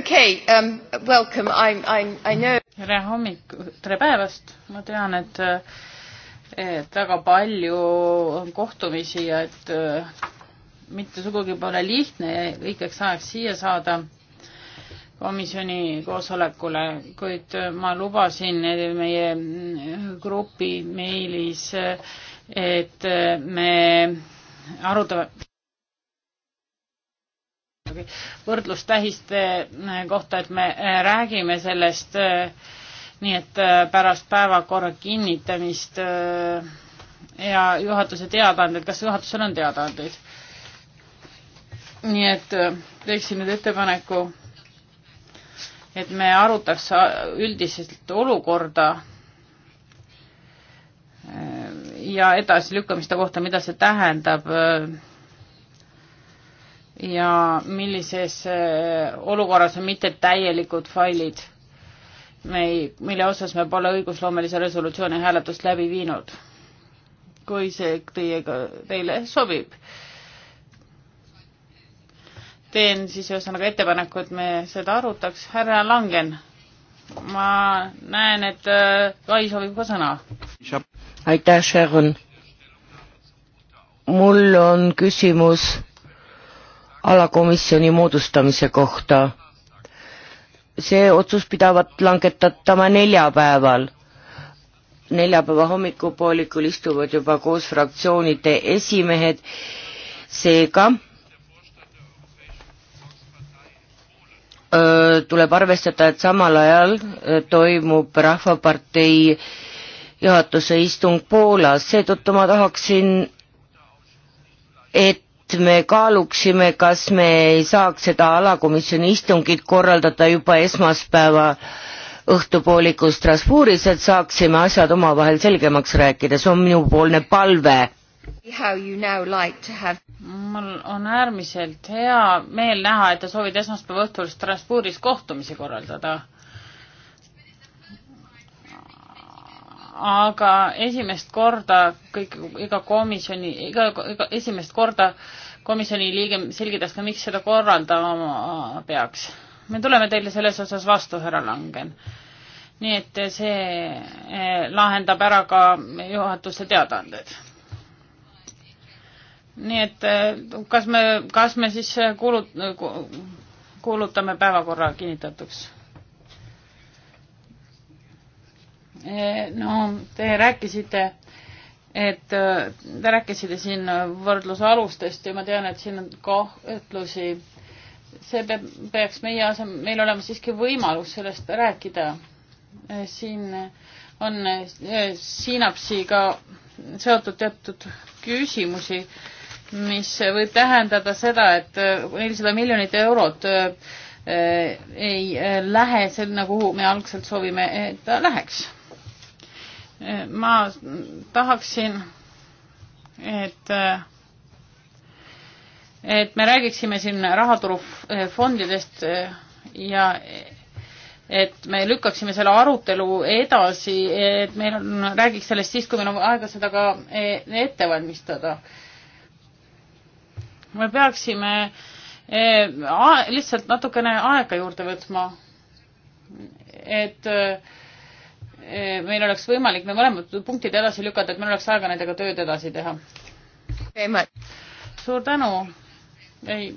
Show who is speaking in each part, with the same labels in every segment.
Speaker 1: okay, um, welcome, I am, I am, I know. tere hommik, tere päevast, ma tean, et et väga palju on kohtumisi ja et äh, mitte sugugi pole lihtne õigeks ajaks siia saada komisjoni koosolekule, kuid äh, ma lubasin meie äh, grupi meilis, et me arutame võrdlustähiste äh, kohta, et me äh, räägime sellest, äh, nii et pärast päevakorra kinnitamist ja juhatuse teadaanded, kas juhatusel on teadaandeid? nii et teeksin nüüd ettepaneku, et me arutaks üldiselt olukorda ja edasilükkamiste kohta, mida see tähendab ja millises äh, olukorras on mittetäielikud failid, me ei, mille osas me pole õigusloomelise resolutsiooni hääletust läbi viinud. kui see teiega, teile sobib. teen siis ühesõnaga ettepaneku, et me seda arutaks. härra Langen, ma näen, et äh, Kai soovib ka sõna.
Speaker 2: aitäh, Sharon. mul on küsimus alakomisjoni moodustamise kohta. see otsus pidavat langetatama neljapäeval. neljapäeva hommikupoolikul istuvad juba koos fraktsioonide esimehed, seega tuleb arvestada, et samal ajal toimub Rahvapartei juhatuse istung Poolas, seetõttu ma tahaksin, et me kaaluksime, kas me ei saaks seda alakomisjoni istungit korraldada juba esmaspäeva õhtupoolikul Strasbourgis, et saaksime asjad omavahel selgemaks rääkida, see on minupoolne palve. Like
Speaker 1: have... mul on äärmiselt hea meel näha, et te soovite esmaspäeva õhtul Strasbourgis kohtumisi korraldada. aga esimest korda kõik, iga komisjoni, iga, iga, esimest korda komisjoni liige selgitas ka, miks seda korraldama peaks. me tuleme teile selles osas vastu, härra Langen. nii et see eh, lahendab ära ka juhatuse teadaanded. nii et eh, kas me, kas me siis kuulut-, kuulutame päevakorra kinnitatuks? Eh, no te rääkisite, et eh, te rääkisite siin võrdluse alustest ja ma tean, et siin on kahtlusi. see peab, peaks meie asem-, meil olema siiski võimalus sellest rääkida. Eh, siin on sinapsiga seotud teatud küsimusi, mis võib tähendada seda, et nelisada miljonit eurot ei lähe seal, nagu me algselt soovime, et ta läheks ma tahaksin, et, et me räägiksime siin rahaturufondidest ja et me lükkaksime selle arutelu edasi, et meil on, räägiks sellest siis, kui meil on aega seda ka e, ette valmistada. me peaksime e, lihtsalt natukene aega juurde võtma, et äh, Eh, meil oleks võimalik need mõlemad punktid edasi lükata, et meil oleks aega nendega tööd edasi teha. suur tänu. ei.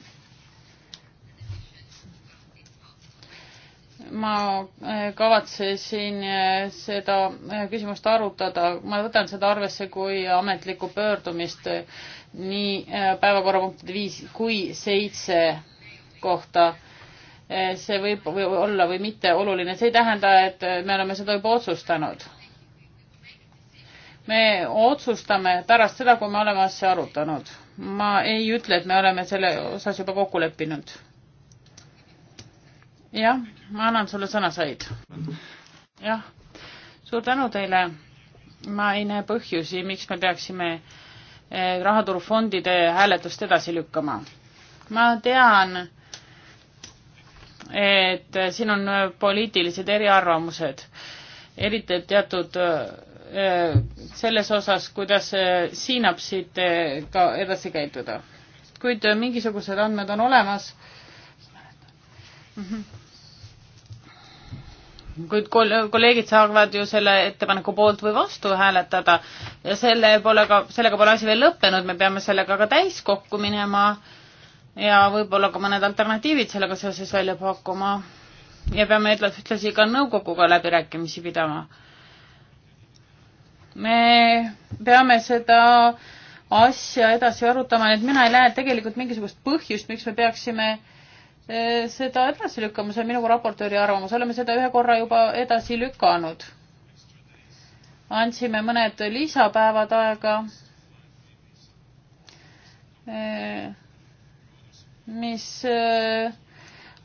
Speaker 1: ma eh, kavatsesin eh, seda küsimust arutada, ma võtan seda arvesse kui ametlikku pöördumist nii päevakorrapunktide viis kui seitse kohta Eh, see võib olla või mitte oluline, see ei tähenda, et me oleme seda juba otsustanud. me otsustame pärast seda, kui me oleme asja arutanud. ma ei ütle, et me oleme selle osas juba kokku leppinud. jah, ma annan sulle sõna, Said. jah, suur tänu teile. ma ei näe põhjusi, miks me peaksime eh, rahaturufondide hääletust edasi lükkama. ma tean, et siin on poliitilised eriarvamused, eriti teatud äh, selles osas, kuidas äh, siinapsid äh, ka edasi käituda. kuid mingisugused andmed on olemas. Mhm. kuid kolleegid saavad ju selle ettepaneku poolt või vastu hääletada ja selle pole ka, sellega pole asi veel lõppenud, me peame sellega ka täiskokku minema äh, ja võib-olla ka mõned alternatiivid sellega seoses välja pakkuma ja peame ühtlasi ka nõukoguga läbirääkimisi pidama. me peame seda asja edasi arutama, et mina ei näe tegelikult mingisugust põhjust, miks me peaksime e, seda edasi lükkama, see on minu raportööri arvamus, oleme seda ühe korra juba edasi lükanud. andsime mõned lisapäevad aega e, mis äh,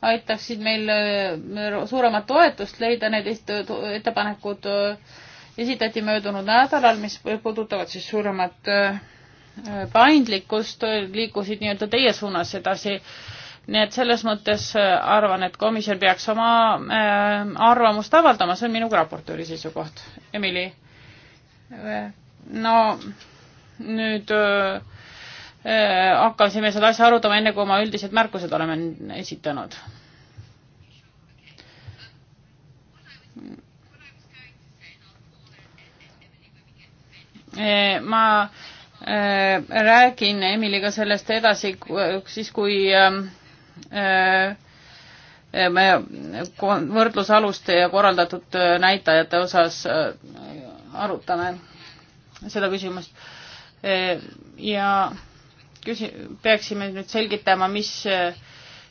Speaker 1: aitaksid meil äh, suuremat toetust leida, need ettepanekud äh, esitati möödunud nädalal, mis puudutavad siis suuremat paindlikkust, liikusid nii-öelda teie suunas edasi. nii et selles mõttes arvan, et komisjon peaks oma arvamust avaldama, see on minu raportööri seisukoht. Emily? no nüüd öö, Äh, hakkasime seda asja arutama enne, kui oma üldised märkused oleme esitanud. Äh, ma äh, räägin Emiliga sellest edasi, siis kui ähm, me võrdlusaluste ja korraldatud näitajate osas arutame seda küsimust ja küsi-, peaksime nüüd selgitama, mis äh,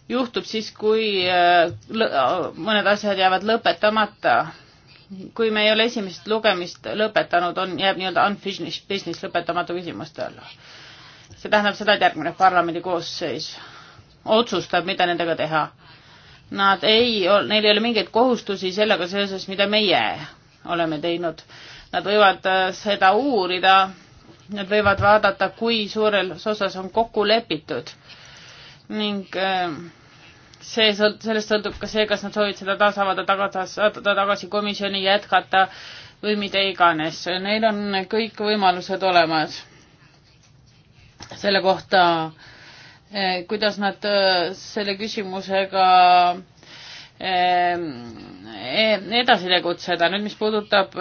Speaker 1: juhtub siis, kui äh, mõned asjad jäävad lõpetamata. kui me ei ole esimest lugemist lõpetanud, on, jääb nii-öelda unfinished business lõpetamatu küsimuste alla. see tähendab seda, et järgmine parlamendi koosseis otsustab, mida nendega teha. Nad ei, neil ei ole mingeid kohustusi sellega seoses, mida meie oleme teinud. Nad võivad äh, seda uurida nad võivad vaadata, kui suures osas on kokku lepitud ning ähm, see sõlt-, sellest sõltub ka see, kas nad soovivad seda taas avada, tagasi, saata tagasi komisjoni, jätkata või mida iganes. Neil on kõik võimalused olemas selle kohta, äh, kuidas nad äh, selle küsimusega äh, edasi tegutseda. nüüd, mis puudutab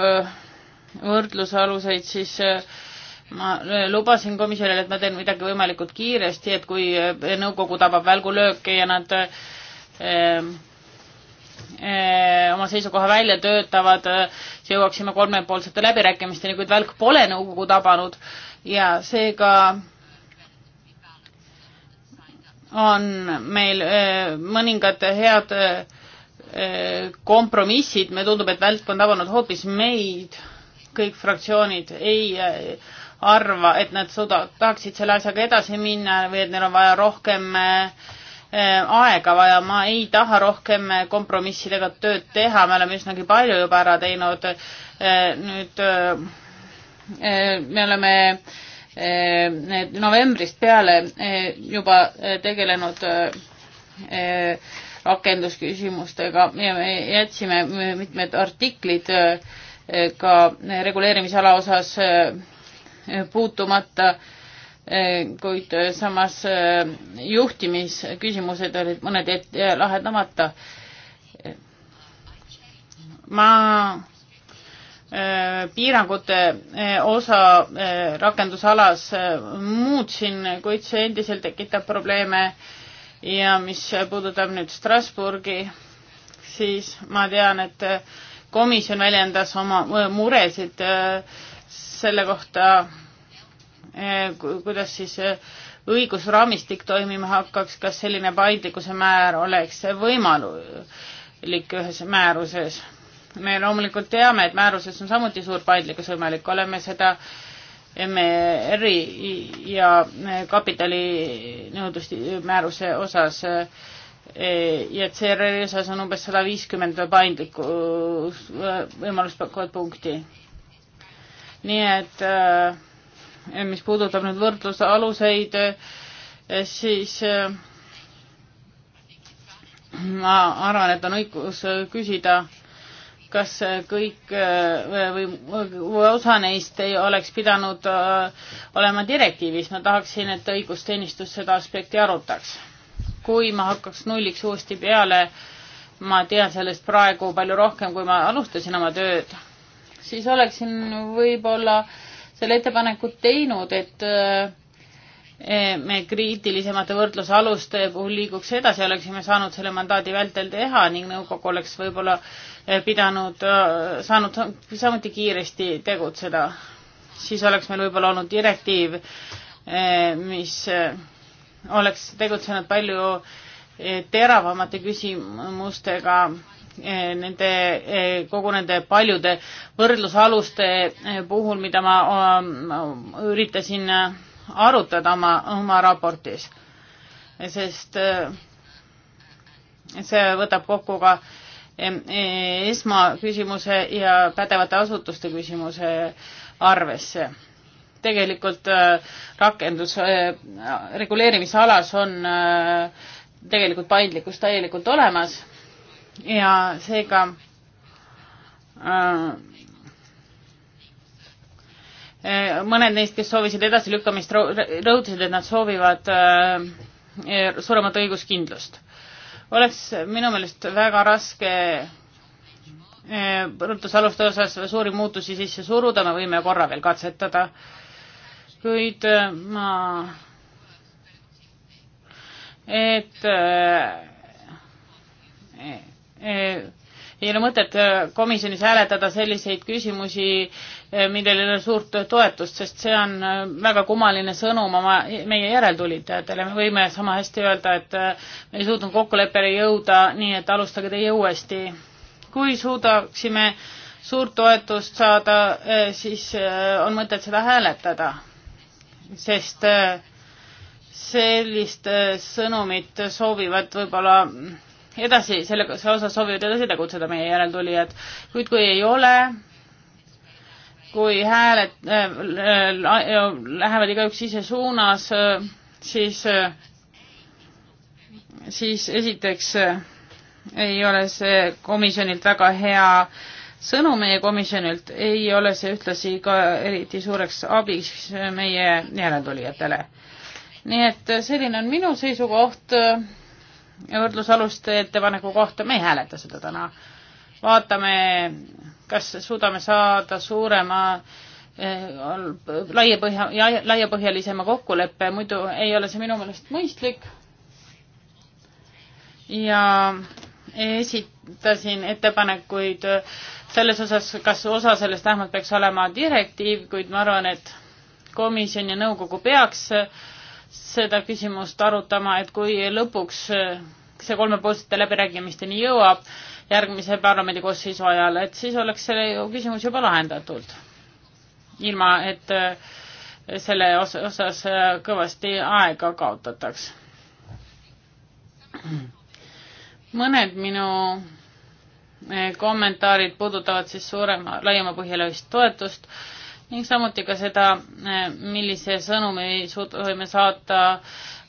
Speaker 1: võrdlusaluseid, siis ma äh, lubasin komisjonile, et ma teen midagi võimalikult kiiresti, et kui äh, nõukogu tabab välgulööke ja nad eh, eh, oma seisukoha välja töötavad eh,, siis jõuaksime kolmepoolsete läbirääkimisteni, kuid välk pole nõukogu tabanud ja seega on meil mõningad head kompromissid, me tundub, et välk on tabanud hoopis meid, kõik fraktsioonid ei arva, et nad suuda-, tahaksid selle asjaga edasi minna või et neil on vaja rohkem eh, aega vaja, ma ei taha rohkem eh, kompromissidega tööd teha, me oleme üsnagi palju juba ära teinud. Eh, nüüd me oleme novembrist peale juba tegelenud rakendusküsimustega ja me jätsime mitmed artiklid ka reguleerimisala osas puutumata, kuid samas eh, juhtimisküsimused olid mõned lahendamata. ma eh, piirangute eh, osa rakendusalas muutsin, kuid see endiselt tekitab probleeme ja mis puudutab nüüd Strasburgi, siis ma tean, et komisjon väljendas oma muresid äh, selle kohta, eh, kuidas siis eh, õigusraamistik toimima hakkaks, kas selline paindlikkuse määr oleks võimalik ühes määruses? me loomulikult teame, et määruses on samuti suur paindlikkus võimalik, oleme seda MRi ja kapitalinõudluste määruse osas eh, ja CRR-i osas on umbes sada viiskümmend paindlikku võimalust pakkuvat punkti nii et äh, mis puudutab nüüd võrdluse aluseid, äh, siis äh, ma arvan, et on õigus küsida, kas kõik või, või osa neist ei oleks pidanud olema direktiivis, ma tahaksin, et õigusteenistus seda aspekti arutaks. kui ma hakkaks nulliks uuesti peale, ma tean sellest praegu palju rohkem, kui ma alustasin oma tööd siis oleksin võib-olla selle ettepaneku teinud, et eh, me kriitilisemate võrdlusaluste puhul liiguks edasi, oleksime saanud selle mandaadi vältel teha ning nõukogu oleks võib-olla eh, pidanud, eh, saanud samuti kiiresti tegutseda. siis oleks meil võib-olla olnud direktiiv, mis oleks tegutsenud palju teravamate küsimustega Eh, nende, eh, kogu nende paljude võrdlusaluste eh, puhul, mida ma um, um, üritasin arutada oma, oma raportis. sest see võtab kokku ka esmaküsimuse ja pädevate asutuste küsimuse arvesse. tegelikult rakendus, reguleerimisalas on tegelikult paindlikkus täielikult olemas ja seega äh, äh, mõned neist, kes soovisid edasilükkamist, rõhutasid, et nad soovivad äh, äh, suuremat õiguskindlust. oleks minu meelest väga raske põrutusaluste äh, osas suuri muutusi sisse suruda, me võime korra veel katsetada, kuid äh, ma et ei ole mõtet äh, komisjonis hääletada selliseid küsimusi, äh, millel ei ole suurt toetust, sest see on äh, väga kummaline sõnum oma, meie järeltulitajatele. me võime sama hästi öelda, et me ei suutnud kokkuleppele jõuda, nii et alustage teie uuesti. kui suudaksime suurt toetust saada, siis on mõtet seda hääletada, sest sellist sõnumit soovivad võib-olla mm, edasi, selle osas soovivad edasi tegutseda meie järeltulijad, kuid kui ei ole, kui hääled äh, äh, lähevad igaüks ise suunas äh,, siis äh,, siis esiteks äh, ei ole see komisjonilt väga hea sõnum meie komisjonilt, ei ole see ühtlasi ka eriti suureks abiks meie järeltulijatele. nii et selline on minu seisukoht äh, võrdlusaluste ettepaneku kohta, me ei hääleta seda täna. vaatame, kas suudame saada suurema eh, laiapõhja, laiapõhjalisema kokkuleppe, muidu ei ole see minu meelest mõistlik. ja esitasin ettepanekuid selles osas, kas osa sellest vähemalt peaks olema direktiiv, kuid ma arvan, et komisjon ja nõukogu peaks äh, seda küsimust arutama, et kui lõpuks äh, see kolmepoolsete läbirääkimisteni jõuab järgmise parlamendi koosseisu ajal, et siis oleks see küsimus juba lahendatud. ilma, et äh, selle osas äh, kõvasti aega kaotataks. mõned minu kommentaarid puudutavad siis suurema, laiemapõhjalist toetust ning samuti ka seda, eh, millise sõnumi suudame saata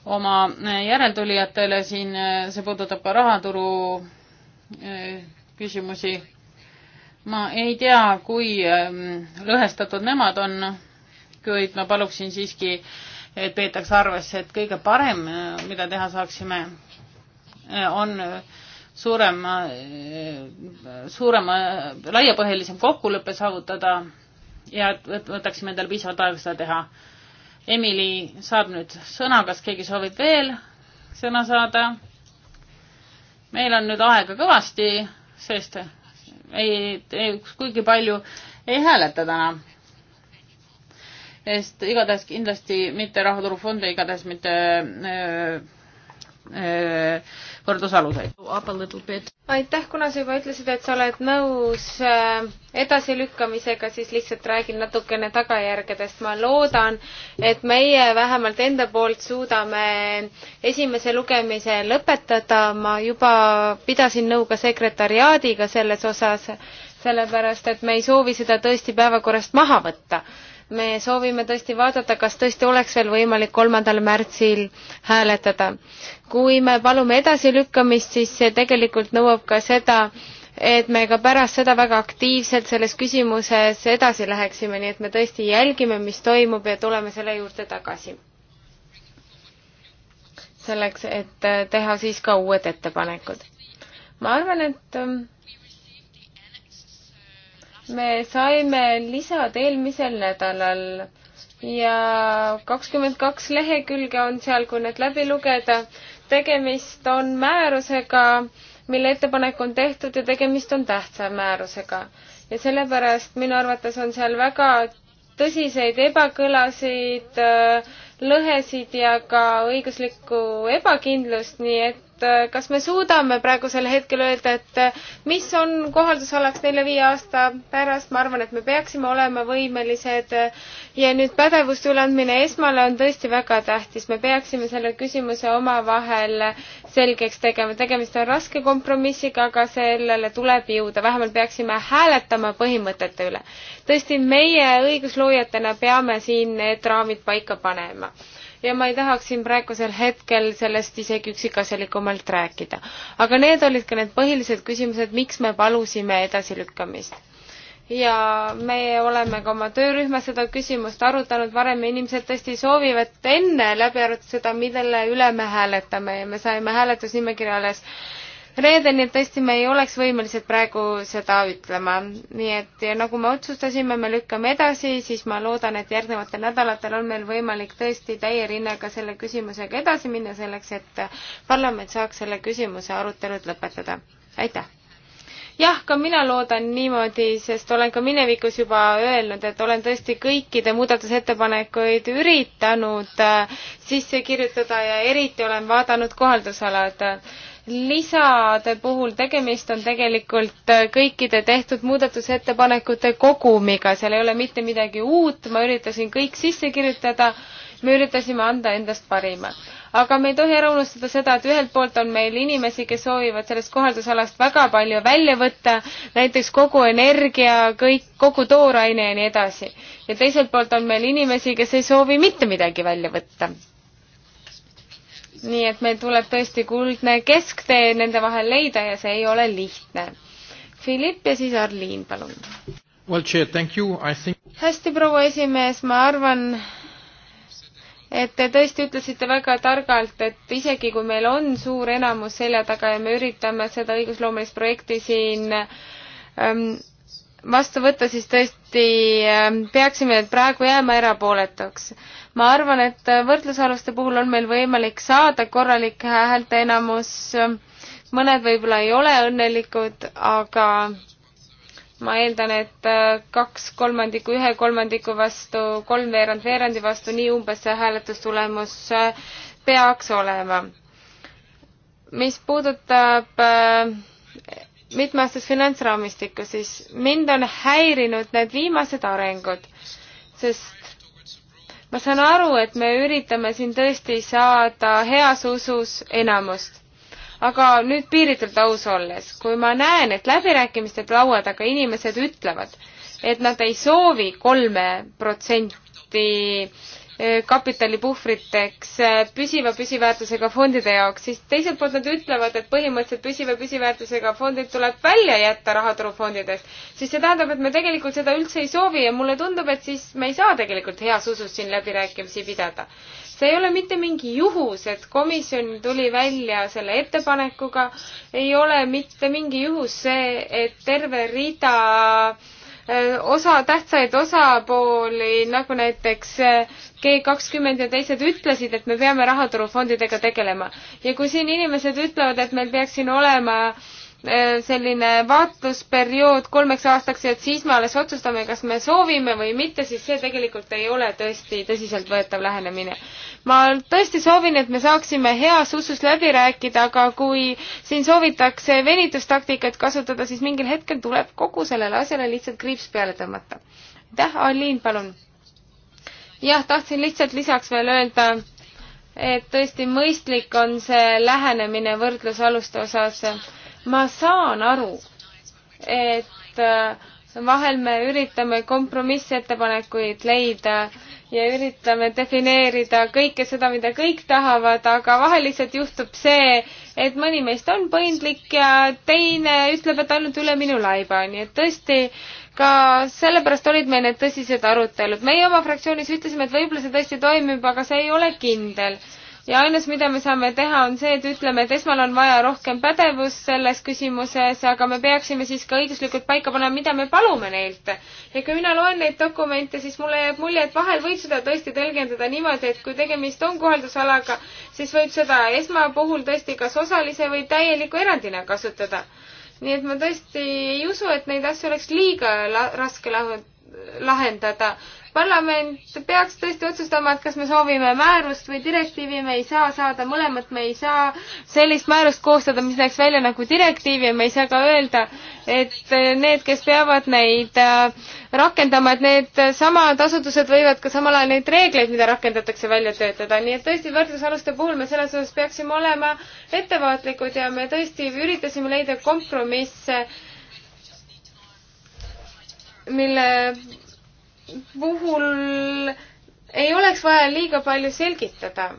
Speaker 1: oma eh, järeltulijatele siin, eh, see puudutab ka rahaturu küsimusi. ma ei tea, kui lõhestatud nemad on, kuid ma paluksin siiski, et peetakse arvesse, et kõige parem, mida teha saaksime, on suurema, suurema, laiapõhjalisem kokkulepe saavutada ja võtaksime endale piisavalt aega seda teha. Emily saab nüüd sõna, kas keegi soovib veel sõna saada? meil on nüüd aega kõvasti, sest ei, ei kuigi palju ei hääleta täna. sest igatahes kindlasti mitte rahaturufond ja igatahes mitte öö, äh, öö, äh, võrdlusaluseid.
Speaker 3: aitäh, kuna sa juba ütlesid, et sa oled nõus äh, edasilükkamisega, siis lihtsalt räägin natukene tagajärgedest. ma loodan, et meie vähemalt enda poolt suudame esimese lugemise lõpetada. ma juba pidasin nõu ka sekretariaadiga selles osas, sellepärast et me ei soovi seda tõesti päevakorrast maha võtta me soovime tõesti vaadata, kas tõesti oleks veel võimalik kolmandal märtsil hääletada. kui me palume edasilükkamist, siis see tegelikult nõuab ka seda, et me ka pärast seda väga aktiivselt selles küsimuses edasi läheksime, nii et me tõesti jälgime, mis toimub ja tuleme selle juurde tagasi. selleks, et teha siis ka uued ettepanekud. ma arvan, et me saime lisad eelmisel nädalal ja kakskümmend kaks lehekülge on seal, kui need läbi lugeda. tegemist on määrusega, mille ettepanek on tehtud ja tegemist on tähtsa määrusega. ja sellepärast minu arvates on seal väga tõsiseid ebakõlasid, lõhesid ja ka õiguslikku ebakindlust, nii et et äh, kas me suudame praegusel hetkel öelda, et äh, mis on kohaldusalaks nelja-viie aasta pärast, ma arvan, et me peaksime olema võimelised äh, ja nüüd pädevuste üleandmine esmale on tõesti väga tähtis, me peaksime selle küsimuse omavahel selgeks tegema, tegemist on raske kompromissiga, aga sellele tuleb jõuda, vähemalt peaksime hääletama põhimõtete üle. tõesti, meie õigusloojatena peame siin need raamid paika panema ja ma ei tahaks siin praegusel hetkel sellest isegi üksikasjalikumalt rääkida. aga need olid ka need põhilised küsimused, miks me palusime edasilükkamist. ja me oleme ka oma töörühmas seda küsimust arutanud varem ja inimesed tõesti soovivad enne läbi arutada seda, millele üle me hääletame ja me saime hääletusnimekirja alles reede, nii et tõesti me ei oleks võimelised praegu seda ütlema. nii et ja nagu me otsustasime, me lükkame edasi, siis ma loodan, et järgnevatel nädalatel on meil võimalik tõesti täie rinnega selle küsimusega edasi minna, selleks et parlament saaks selle küsimuse arutelud lõpetada. aitäh! jah, ka mina loodan niimoodi, sest olen ka minevikus juba öelnud, et olen tõesti kõikide muudatusettepanekuid üritanud äh, sisse kirjutada ja eriti olen vaadanud kohaldusalad lisade puhul tegemist on tegelikult äh, kõikide tehtud muudatusettepanekute kogumiga, seal ei ole mitte midagi uut, ma üritasin kõik sisse kirjutada, me üritasime anda endast parima. aga me ei tohi ära unustada seda, et ühelt poolt on meil inimesi, kes soovivad sellest kohaldusalast väga palju välja võtta, näiteks kogu energia, kõik, kogu tooraine ja nii edasi. ja teiselt poolt on meil inimesi, kes ei soovi mitte midagi välja võtta nii et meil tuleb tõesti kuldne kesktee nende vahel leida ja see ei ole lihtne. Philipp ja siis Arliin, palun.
Speaker 1: Well, chair, thank you, I think.
Speaker 3: hästi, proua esimees, ma arvan, et te tõesti ütlesite väga targalt, et isegi kui meil on suur enamus selja taga ja me üritame seda õigusloomelist projekti siin ähm, vastu võtta, siis tõesti äh, peaksime praegu jääma erapooletuks. ma arvan, et äh, võrdlusaluste puhul on meil võimalik saada korralik häälteenamus, mõned võib-olla ei ole õnnelikud, aga ma eeldan, et äh, kaks kolmandikku ühe kolmandiku vastu, kolmveerand veerandi vastu, nii umbes see hääletustulemus peaks olema. mis puudutab äh, mitmeaastast finantsraamistikku, siis mind on häirinud need viimased arengud, sest ma saan aru, et me üritame siin tõesti saada heas usus enamust. aga nüüd piiritult aus olles, kui ma näen, et läbirääkimiste laua taga inimesed ütlevad, et nad ei soovi kolme protsenti Eh, kapitalipuhvriteks eh, püsiva püsiväärtusega fondide jaoks, siis teiselt poolt nad ütlevad, et põhimõtteliselt püsiva püsiväärtusega fondid tuleb välja jätta rahaturufondidest, siis see tähendab, et me tegelikult seda üldse ei soovi ja mulle tundub, et siis me ei saa tegelikult heas usus siin läbirääkimisi pidada. see ei ole mitte mingi juhus, et komisjon tuli välja selle ettepanekuga, ei ole mitte mingi juhus see, et terve rida osa tähtsaid osapooli, nagu näiteks eh, G kakskümmend ja teised ütlesid, et me peame rahaturufondidega tegelema. ja kui siin inimesed ütlevad, et meil peaks siin olema äh, Eh, selline vaatlusperiood kolmeks aastaks ja et siis me alles otsustame, kas me soovime või mitte, siis see tegelikult ei ole tõesti tõsiseltvõetav lähenemine. ma tõesti soovin, et me saaksime heas usus läbi rääkida, aga kui siin soovitakse venitustaktikat kasutada, siis mingil hetkel tuleb kogu sellele asjale lihtsalt kriips peale tõmmata. aitäh, Aliin, palun! jah, tahtsin lihtsalt lisaks veel öelda, et tõesti mõistlik on see lähenemine võrdlusaluste osas ma saan aru, et äh, vahel me üritame kompromissettepanekuid leida ja üritame defineerida kõike seda, mida kõik tahavad, aga vahel lihtsalt juhtub see, et mõni meist on paindlik ja teine ütleb, et ainult üle minu laiba, nii et tõesti ka sellepärast olid meil need tõsised arutelud. meie oma fraktsioonis ütlesime, et võib-olla see tõesti toimib, aga see ei ole kindel ja ainus, mida me saame teha, on see, et ütleme, et esmal on vaja rohkem pädevust selles küsimuses, aga me peaksime siis ka õiguslikult paika panema, mida me palume neilt. ja kui mina loen neid dokumente, siis mulle jääb mulje, et vahel võib seda tõesti tõlgendada niimoodi, et kui tegemist on kohaldusalaga, siis võib seda esma puhul tõesti kas osalise või täieliku erandina kasutada. nii et ma tõesti ei usu, et neid asju oleks liiga la raske lahutada lahendada. parlament peaks tõesti otsustama, et kas me soovime määrust või direktiivi, me ei saa saada mõlemat, me ei saa sellist määrust koostada, mis näeks välja nagu direktiiv ja me ei saa ka öelda, et need, kes peavad neid äh, rakendama, et need samad asutused võivad ka samal ajal neid reegleid, mida rakendatakse, välja töötada, nii et tõesti võrdlusaluste puhul me selles osas peaksime olema ettevaatlikud ja me tõesti üritasime leida kompromisse mille puhul ei oleks vaja liiga palju selgitada.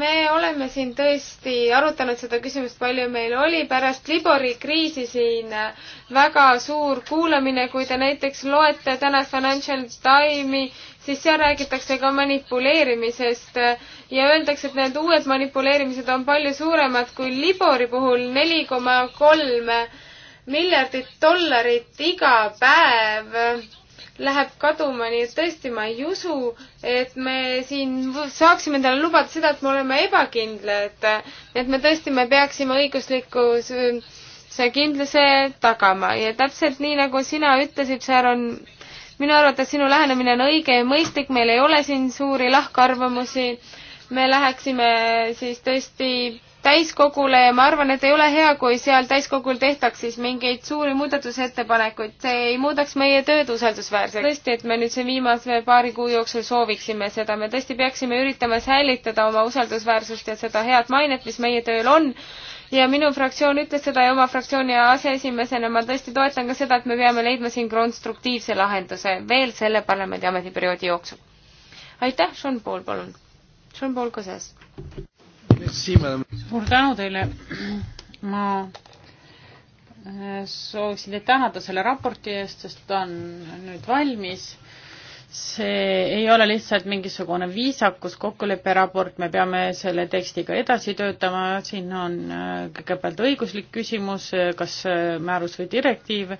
Speaker 3: me oleme siin tõesti arutanud seda küsimust, palju meil oli pärast Libori kriisi siin väga suur kuulamine, kui te näiteks loete tänast Financial Timesi, siis seal räägitakse ka manipuleerimisest ja öeldakse, et need uued manipuleerimised on palju suuremad kui Libori puhul neli koma kolm miljardit dollarit iga päev läheb kaduma, nii et tõesti ma ei usu, et me siin saaksime endale lubada seda, et me oleme ebakindlad. et me tõesti, me peaksime õigusliku see kindluse tagama ja täpselt nii, nagu sina ütlesid, Sharon, minu arvates sinu lähenemine on õige ja mõistlik, meil ei ole siin suuri lahkarvamusi. me läheksime siis tõesti täiskogule ja ma arvan, et ei ole hea, kui seal täiskogul tehtaks siis mingeid suuri muudatusettepanekuid, see ei muudaks meie tööd usaldusväärseks. tõesti, et me nüüd siin viimase paari kuu jooksul sooviksime seda, me tõesti peaksime üritama säilitada oma usaldusväärsust ja seda head mainet, mis meie tööl on. ja minu fraktsioon ütles seda ja oma fraktsiooni aseesimesena ma tõesti toetan ka seda, et me peame leidma siin konstruktiivse lahenduse veel selle parlamendi ametiperioodi jooksul. aitäh, Sean Paul, palun. Sean Paul Koses suur tänu teile. ma
Speaker 1: äh, sooviksin teid tänada selle raporti eest, sest ta on nüüd valmis. see ei ole lihtsalt mingisugune viisakus kokkuleppe raport, me peame selle tekstiga edasi töötama, siin on äh, kõigepealt õiguslik küsimus, äh, kas määrus või direktiiv.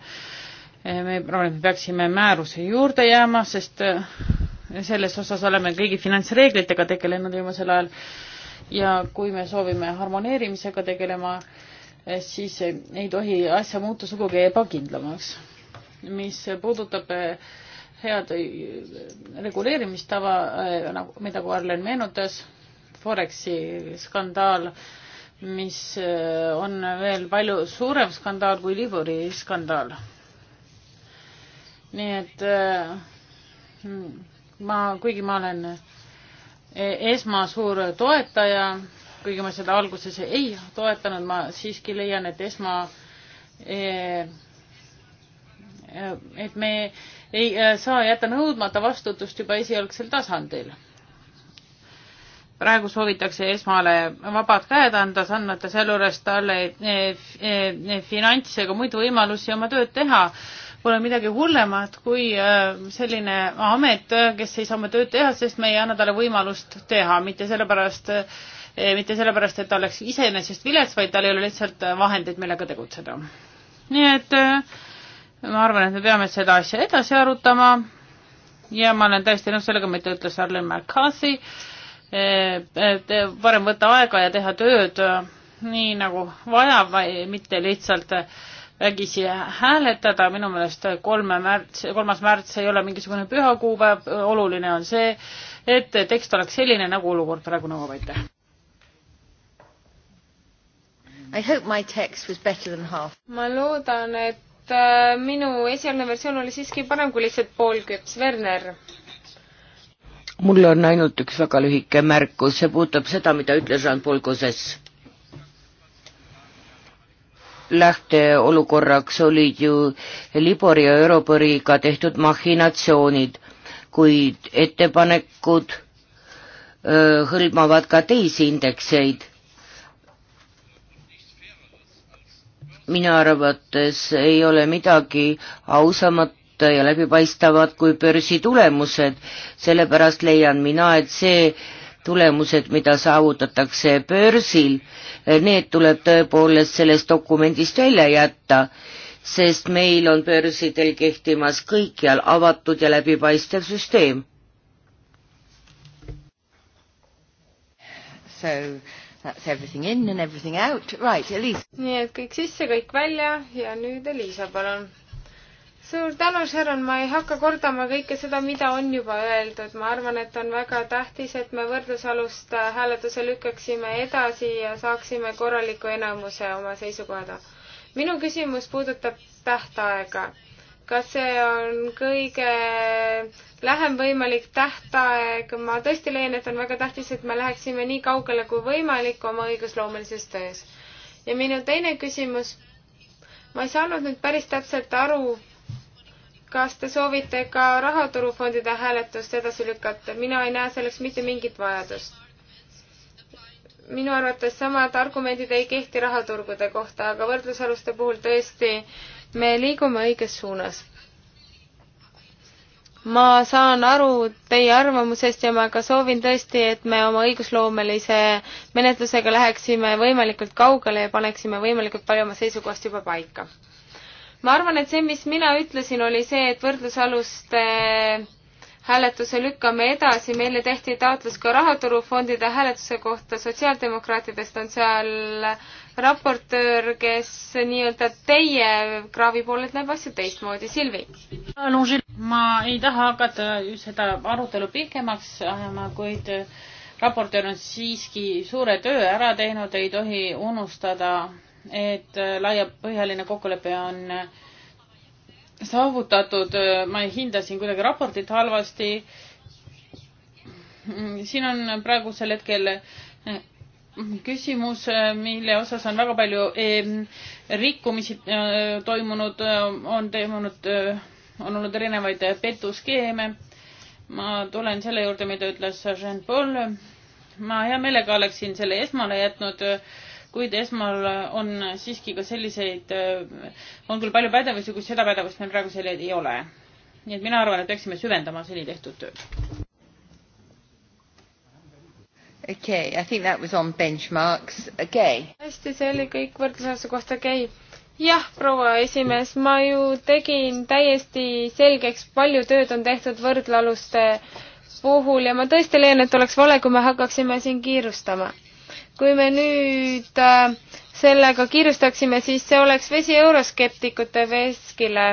Speaker 1: me arvan, et me peaksime määruse juurde jääma, sest selles osas oleme kõigi finantsreeglitega tegelenud viimasel ajal ja kui me soovime harmoneerimisega tegelema, eh, siis ei tohi asja muuta sugugi ebakindlamaks. mis puudutab eh, head eh, reguleerimistava, nagu, mida ka Arlen meenutas, Foreksi skandaal, mis on veel palju suurem skandaal kui Libori skandaal. nii et hmm, ma, kuigi ma olen E, esma suur toetaja, kuigi ma seda alguses ei toetanud, ma siiski leian, et esma, e, e, et me ei saa jätta nõudmata vastutust juba esialgsel tasandil. praegu soovitakse esmale vabad käed anda, andmata sealjuures talle finantse ega muid võimalusi oma tööd teha pole midagi hullemat kui äh, selline amet, äh, kes ei saa oma tööd teha, sest me ei anna talle võimalust teha, mitte sellepärast, äh, mitte sellepärast, et ta oleks iseenesest vilets, vaid tal ei ole lihtsalt vahendeid, millega tegutseda. nii et ma arvan, et me peame seda asja edasi arutama ja ma olen täiesti nõus sellega, mida ütles Arlen McCarthy, et varem võtta aega ja teha tööd nii nagu vaja, mitte lihtsalt äh, vägisi hääletada, minu meelest kolme märts, kolmas märts ei ole mingisugune pühakuupäev, oluline on see, et tekst oleks selline, nagu olukord praegu nõuab, aitäh.
Speaker 2: I hope my text was better than half.
Speaker 3: ma loodan, et äh, minu esialgne versioon oli siiski parem kui lihtsalt poolküps, Werner
Speaker 2: mul on ainult üks väga lühike märkus, see puudutab seda, mida ütles Jean-Paul Gauzes lähteolukorraks olid ju Libori ja Euroboriga tehtud mahhinatsioonid, kuid ettepanekud öö, hõlmavad ka teisi indekseid. minu arvates ei ole midagi ausamat ja läbipaistavad kui börsi tulemused, sellepärast leian mina, et see tulemused, mida saavutatakse börsil, need tuleb tõepoolest sellest dokumendist välja jätta, sest meil on börsidel kehtimas kõikjal avatud ja läbipaistev süsteem. So that's everything in and everything out, right, Elisa.
Speaker 3: nii et kõik sisse, kõik välja ja nüüd Elisa, palun suur tänu, Sharon, ma ei hakka kordama kõike seda, mida on juba öeldud, ma arvan, et on väga tähtis, et me võrdlusalust äh, hääletuse lükkaksime edasi ja saaksime korraliku enamuse oma seisukohada. minu küsimus puudutab tähtaega. kas see on kõige lähem võimalik tähtaeg, ma tõesti leian, et on väga tähtis, et me läheksime nii kaugele kui võimalik oma õigusloomelises töös. ja minu teine küsimus, ma ei saanud nüüd päris täpselt aru, kas te soovite ka rahaturufondide hääletust edasi lükata? mina ei näe selleks mitte mingit vajadust. minu arvates samad argumendid ei kehti rahaturgude kohta, aga võrdlusaluste puhul tõesti me liigume õiges suunas. ma saan aru teie arvamusest ja ma ka soovin tõesti, et me oma õigusloomelise menetlusega läheksime võimalikult kaugele ja paneksime võimalikult palju oma seisukohast juba paika ma arvan, et see, mis mina ütlesin, oli see, et võrdlusaluste äh, hääletuse lükkame edasi, meile tehti taotlus ka rahaturufondide hääletuse kohta, sotsiaaldemokraatidest on seal raportöör, kes nii-öelda teie kraavi poolelt näeb asju teistmoodi, Silvi.
Speaker 1: ma ei taha hakata seda arutelu pikemaks ajama, kuid äh, raportöör on siiski suure töö ära teinud, ei tohi unustada et äh, laiapõhjaline kokkulepe on äh, saavutatud, ma ei hinda siin kuidagi raportit halvasti. siin on praegusel hetkel äh, küsimus, mille osas on väga palju rikkumisi toimunud, on toimunud, on olnud erinevaid petuskeeme. ma tulen selle juurde, mida ütles Jean Paul. ma hea meelega oleksin selle esmale jätnud äh, kuid esmal on siiski ka selliseid, äh, on küll palju pädevusi, kuid seda pädevust meil praegusel ei ole. nii et mina arvan, et peaksime süvendama
Speaker 3: seni tehtud tööd.
Speaker 2: okei okay,, I think that was on benchmarks, okei okay..
Speaker 3: hästi, see oli kõik võrdlusasja kohta, okei okay. jah, proua esimees, ma ju tegin täiesti selgeks, palju tööd on tehtud võrdlealuste puhul ja ma tõesti leian, et oleks vale, kui me hakkaksime siin kiirustama kui me nüüd äh, sellega kiirustaksime, siis see oleks vesi euroskeptikute veskile.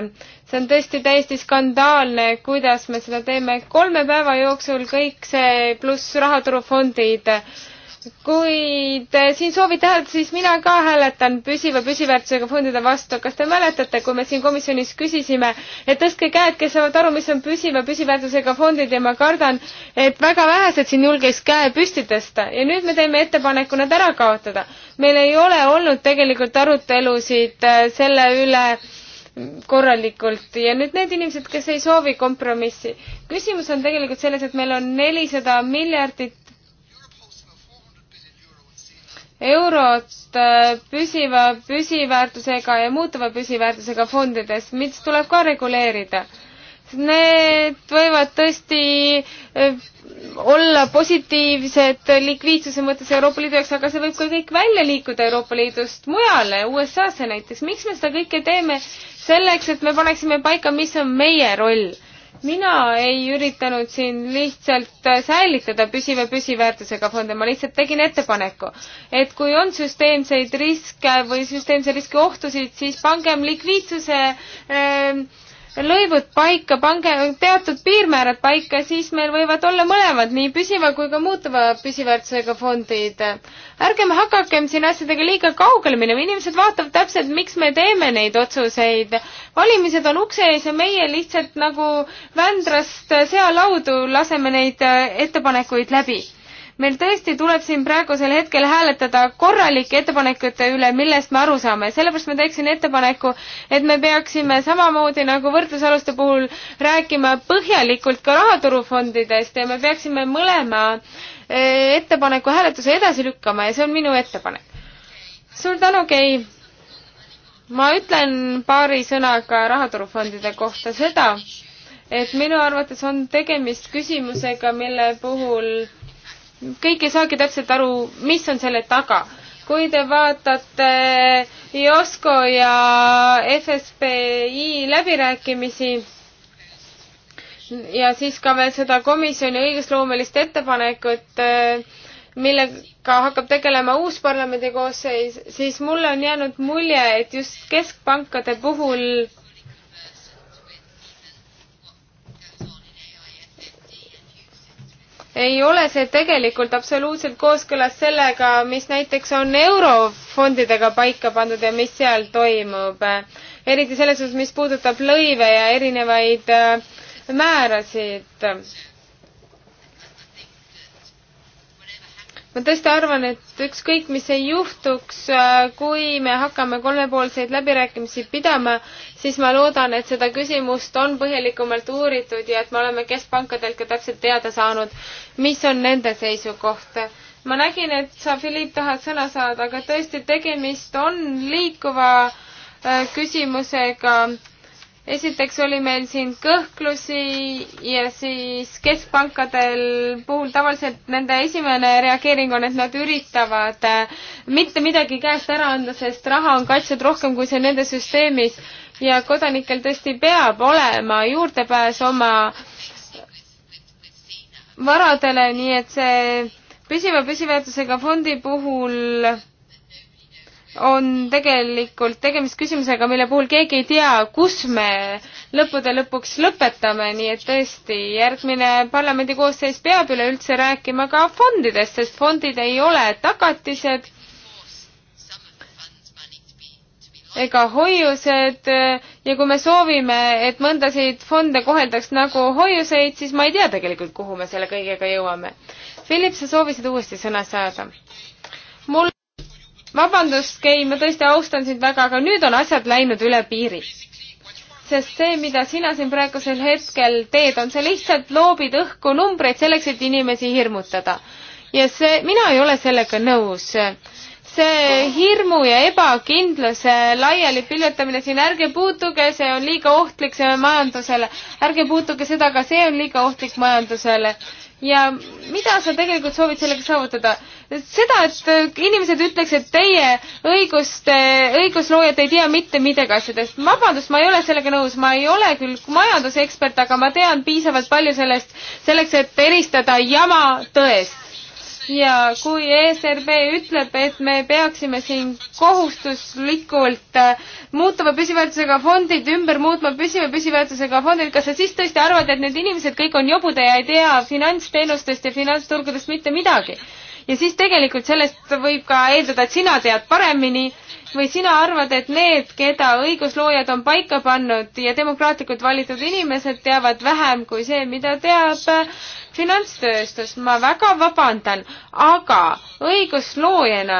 Speaker 3: see on tõesti täiesti skandaalne, kuidas me seda teeme. kolme päeva jooksul kõik see pluss rahaturufondid kui te siin soovite hääletada, siis mina ka hääletan püsiva püsiväärtusega fondide vastu. kas te mäletate, kui me siin komisjonis küsisime, et tõstke käed, kes saavad aru, mis on püsiva püsiväärtusega fondid ja ma kardan, et väga vähesed siin julges käe püsti tõsta ja nüüd me teeme ettepaneku nad ära kaotada. meil ei ole olnud tegelikult arutelusid äh, selle üle korralikult ja nüüd need inimesed, kes ei soovi kompromissi. küsimus on tegelikult selles, et meil on nelisada miljardit eurot äh, püsiva püsiväärtusega ja muutuva püsiväärtusega fondides, mis tuleb ka reguleerida. Need võivad tõesti äh, olla positiivsed likviidsuse mõttes Euroopa Liidu jaoks, aga see võib ka kõik välja liikuda Euroopa Liidust mujale, USA-sse näiteks. miks me seda kõike teeme? selleks, et me paneksime paika, mis on meie roll mina ei üritanud siin lihtsalt äh, säilitada püsiva püsiväärtusega fonde, ma lihtsalt tegin ettepaneku, et kui on süsteemseid riske või süsteemse riski ohtusid, siis pangem likviidsuse äh, lõivud paika, pange teatud piirmäärad paika, siis meil võivad olla mõlemad, nii püsiva kui ka muutuva püsiväärtusega fondid. ärgem hakakem siin asjadega liiga kaugele minema, inimesed vaatavad täpselt, miks me teeme neid otsuseid. valimised on ukse ees ja meie lihtsalt nagu Vändrast sealaudu laseme neid ettepanekuid läbi meil tõesti tuleb siin praegusel hetkel hääletada korralike ettepanekute üle, millest me aru saame, sellepärast ma teeksin ettepaneku, et me peaksime samamoodi nagu võrdlusaluste puhul rääkima põhjalikult ka rahaturufondidest ja me peaksime mõlema eh, ettepaneku hääletuse edasi lükkama ja see on minu ettepanek. suur tänu, Kei! ma ütlen paari sõnaga rahaturufondide kohta seda, et minu arvates on tegemist küsimusega, mille puhul kõik ei saagi täpselt aru, mis on selle taga. kui te vaatate IOSCO ja FSBI läbirääkimisi ja siis ka veel seda komisjoni õigusloomelist ettepanekut, millega hakkab tegelema uus parlamendi koosseis, siis mulle on jäänud mulje, et just keskpankade puhul ei ole see tegelikult absoluutselt kooskõlas sellega, mis näiteks on eurofondidega paika pandud ja mis seal toimub. eriti selles osas, mis puudutab lõive ja erinevaid äh, määrasid ma tõesti arvan, et ükskõik, mis ei juhtuks, äh, kui me hakkame kolmepoolseid läbirääkimisi pidama, siis ma loodan, et seda küsimust on põhjalikumalt uuritud ja et me oleme keskpankadelt ka täpselt teada saanud, mis on nende seisukoht. ma nägin, et sa, Philipp, tahad sõna saada, aga tõesti, tegemist on liikuva äh, küsimusega esiteks oli meil siin kõhklusi ja siis keskpankadel puhul tavaliselt nende esimene reageering on, et nad üritavad äh, mitte midagi käest ära anda, sest raha on kaitstud rohkem, kui see nende süsteemis ja kodanikel tõesti peab olema juurdepääs oma varadele, nii et see püsiva püsiväärtusega fondi puhul on tegelikult tegemist küsimusega, mille puhul keegi ei tea, kus me lõppude lõpuks lõpetame, nii et tõesti, järgmine parlamendikoosseis peab üleüldse rääkima ka fondidest, sest fondid ei ole tagatised ega hoiused ja kui me soovime, et mõndasid fonde koheldaks nagu hoiuseid, siis ma ei tea tegelikult, kuhu me selle kõigega jõuame. Philip, sa soovisid uuesti sõna saada? mul vabandust, Kei, ma tõesti austan sind väga, aga nüüd on asjad läinud üle piiri. sest see, mida sina siin praegusel hetkel teed, on sa lihtsalt loobid õhku numbreid selleks, et inimesi hirmutada. ja see, mina ei ole sellega nõus see hirmu ja ebakindluse laiali pilvetamine siin, ärge puutuge, see on liiga ohtlik see majandusele, ärge puutuge seda, ka see on liiga ohtlik majandusele. ja mida sa tegelikult soovid sellega saavutada? seda, et inimesed ütleks, et teie õiguste, õigusloojad ei tea mitte midagi asjadest. vabandust, ma ei ole sellega nõus, ma ei ole küll majandusekspert, aga ma tean piisavalt palju sellest, selleks, et eristada jama tõest ja kui ESRB ütleb, et me peaksime siin kohustuslikult äh, muutuva püsiväärtusega fondid ümber muutma püsiva püsiväärtusega fondid, kas sa siis tõesti arvad, et need inimesed kõik on jobud ja ei tea finantsteenustest ja finantsturgudest mitte midagi? ja siis tegelikult sellest võib ka eeldada, et sina tead paremini või sina arvad, et need, keda õigusloojad on paika pannud ja demokraatlikult valitud inimesed teavad vähem kui see, mida teab finantstööstus, ma väga vabandan, aga õigusloojana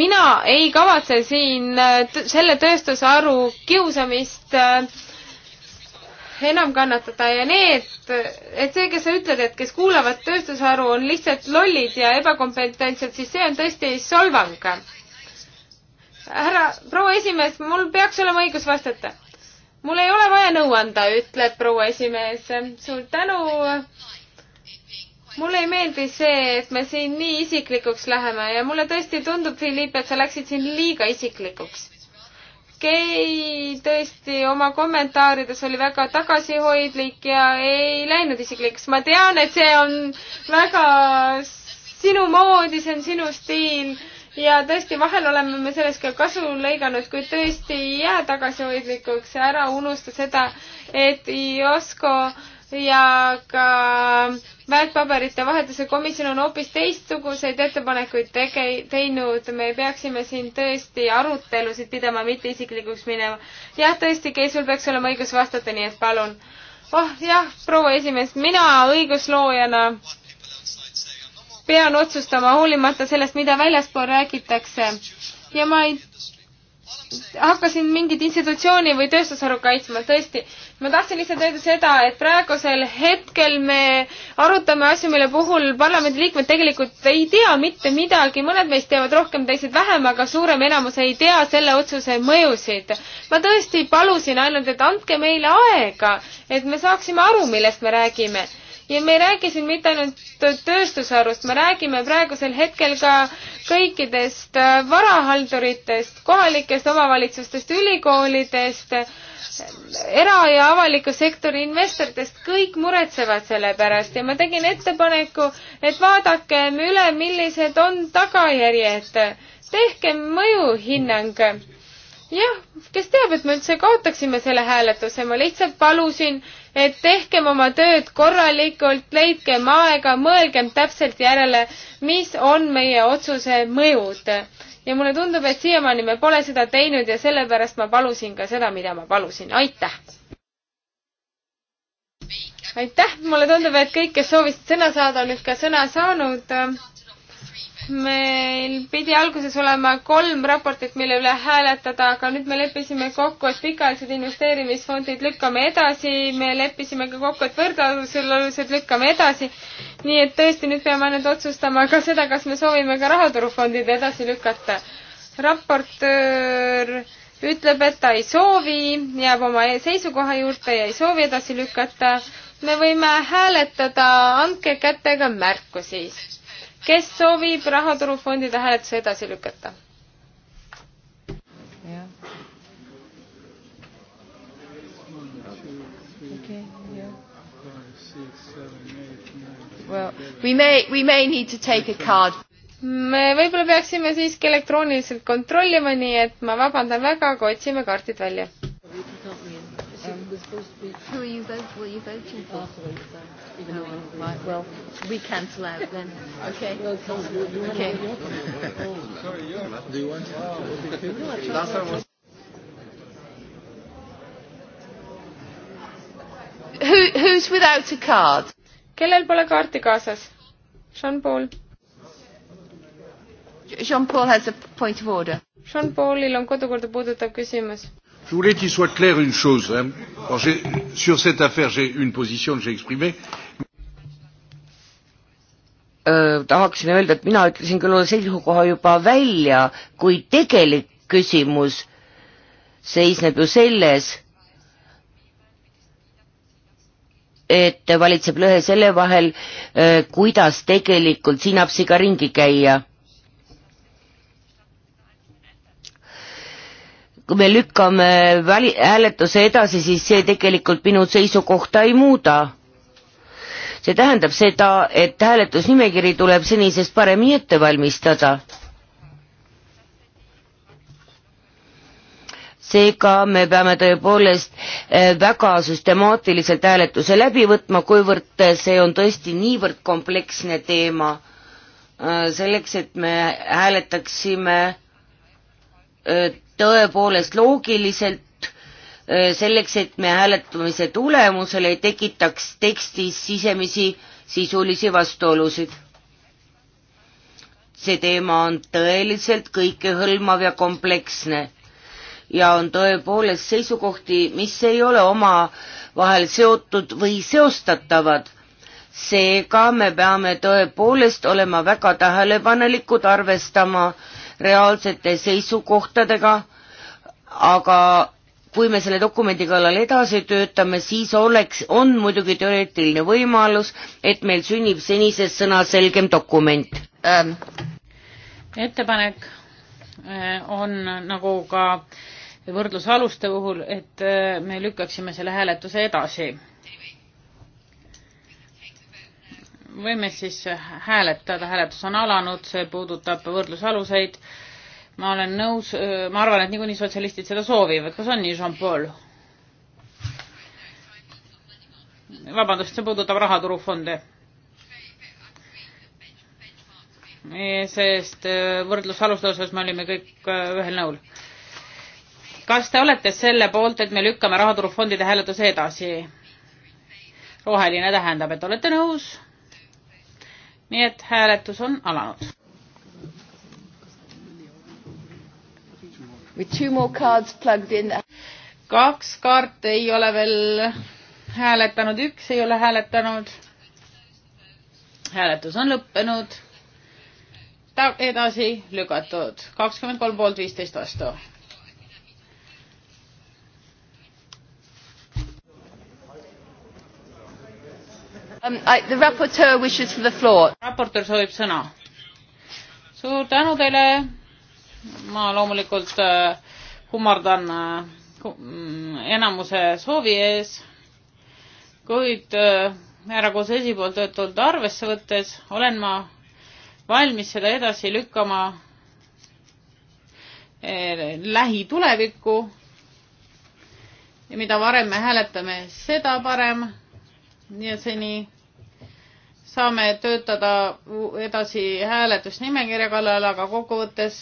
Speaker 3: mina ei kavatse siin äh, selle tööstusharu kiusamist äh, enam kannatada ja need, et see, kes sa ütled, et kes kuulavad tööstusharu, on lihtsalt lollid ja ebakompetentsed, siis see on tõesti solvang. härra, proua esimees, mul peaks olema õigus vastata mul ei ole vaja nõu anda, ütleb proua esimees. suur tänu. mulle ei meeldi see, et me siin nii isiklikuks läheme ja mulle tõesti tundub, Philipp, et sa läksid siin liiga isiklikuks okei, tõesti oma kommentaarides oli väga tagasihoidlik ja ei läinud isiklikuks. ma tean, et see on väga sinu moodi, see on sinu stiil ja tõesti, vahel oleme me sellest ka kasu lõiganud, kuid tõesti ei jää tagasihoidlikuks ja ära unusta seda, et IOSCO ja ka väärtpaberite vahetuse komisjon on hoopis teistsuguseid ettepanekuid tege-, teinud, me peaksime siin tõesti arutelusid pidama, mitte isiklikuks minema. jah, tõesti, Kei, sul peaks olema õigus vastata, nii et palun. oh jah, proua esimees, mina õigusloojana pean otsustama hoolimata sellest, mida väljaspool räägitakse. ja ma ei hakkasin mingit institutsiooni või tööstusharu kaitsma, tõesti. ma tahtsin lihtsalt öelda seda, et praegusel hetkel me arutame asju, mille puhul parlamendiliikmed tegelikult ei tea mitte midagi, mõned meist teavad rohkem, teised vähem, aga suurem enamus ei tea selle otsuse mõjusid. ma tõesti palusin ainult, et andke meile aega, et me saaksime aru, millest me räägime ja me ei räägi siin mitte ainult tööstusharust, me räägime praegusel hetkel ka kõikidest äh, varahalduritest, kohalikest omavalitsustest, ülikoolidest, era- ja avaliku sektori investoritest, kõik muretsevad selle pärast ja ma tegin ettepaneku, et vaadakem üle, millised on tagajärjed, tehkem mõjuhinnang jah, kes teab, et me üldse kaotaksime selle hääletuse, ma lihtsalt palusin, et tehkem oma tööd korralikult, leidkem aega, mõelgem täpselt järele, mis on meie otsuse mõjud. ja mulle tundub, et siiamaani me pole seda teinud ja sellepärast ma palusin ka seda, mida ma palusin. aitäh! aitäh, mulle tundub, et kõik, kes soovisid sõna saada, on nüüd ka sõna saanud meil pidi alguses olema kolm raportit, mille üle hääletada, aga nüüd me leppisime kokku, et pikaajalised investeerimisfondid lükkame edasi, me leppisime ka kokku, et võrdlusalused lükkame edasi. nii et tõesti, nüüd peame ainult otsustama ka seda, kas me soovime ka rahaturufondid edasi lükata. raportöör ütleb, et ta ei soovi, jääb oma seisukoha juurde ja ei soovi edasi lükata. me võime hääletada, andke kätega märku siis kes soovib rahaturufondide hääletuse edasi lükata?
Speaker 2: Well, we may, we may need to take a
Speaker 3: card. me võib-olla peaksime siiski elektrooniliselt kontrollima, nii et ma vabandan väga, aga otsime kaardid välja.
Speaker 2: Who are you voting? Were you voting for? Afterwards, so even no, though oh, right. Well, we cancel out then. Okay. Well, you, you okay.
Speaker 3: oh, sorry, yeah. Do you want? Wow, Last time was.
Speaker 2: Who, who's without a card?
Speaker 3: kellel pole kaarti kaasas? Jean-Paul. Jean-Paul has a point of order. Jean-Paulil on kodukorda puudutav küsimus
Speaker 2: je voulais qu'il soit clair une chose. Hein. Alors, sur cette affaire, j'ai une position que j'ai exprimée. Öö, tahaksin öelda, et mina ütlesin küll oma seisukoha juba välja, kuid tegelik küsimus seisneb ju selles, et valitseb lõhe selle vahel, kuidas tegelikult sinapsiga ringi käia kui me lükkame väli, hääletuse edasi, siis see tegelikult minu seisukohta ei muuda. see tähendab seda, et hääletusnimekiri tuleb senisest paremini ette valmistada. seega me peame tõepoolest eh, väga süstemaatiliselt hääletuse läbi võtma, kuivõrd see on tõesti niivõrd kompleksne teema, eh, selleks et me hääletaksime eh, tõepoolest loogiliselt selleks, et me hääletamise tulemusel ei tekitaks tekstis sisemisi sisulisi vastuolusid. see teema on tõeliselt kõikehõlmav ja kompleksne ja on tõepoolest seisukohti, mis ei ole omavahel seotud või seostatavad. seega me peame tõepoolest olema väga tähelepanelikud, arvestama äh, reaalsete seisukohtadega, aga kui me selle dokumendi kallal edasi töötame, siis oleks, on muidugi teoreetiline võimalus, et meil sünnib senisest sõnaselgem dokument ähm..
Speaker 1: ettepanek äh, on nagu ka võrdlusaluste puhul, et äh, me lükkaksime selle hääletuse edasi võime siis hääletada, hääletus on alanud, see puudutab võrdlusaluseid. ma olen nõus, ma arvan, et niikuinii sotsialistid seda soovivad, kas on nii, Jean-Paul? vabandust, see puudutab rahaturufonde. sest äh, võrdlusaluste osas me olime kõik äh, ühel nõul. kas te olete selle poolt, et me lükkame rahaturufondide hääletuse edasi? roheline tähendab, et olete nõus nii et hääletus on alanud. kaks kaart ei ole veel hääletanud, üks ei ole hääletanud. hääletus on lõppenud. edasi lükatud kakskümmend kolm poolt viisteist vastu um,. raportöör soovib sõna. suur tänu teile. ma loomulikult kummardan äh, äh, mm, enamuse soovi ees, kuid härra äh, Kosesi poolt öeldud arvesse võttes olen ma valmis seda edasi lükkama lähitulevikku. ja mida varem me hääletame, seda parem. ja seni saame töötada edasi hääletusnimekirja kallal, aga kokkuvõttes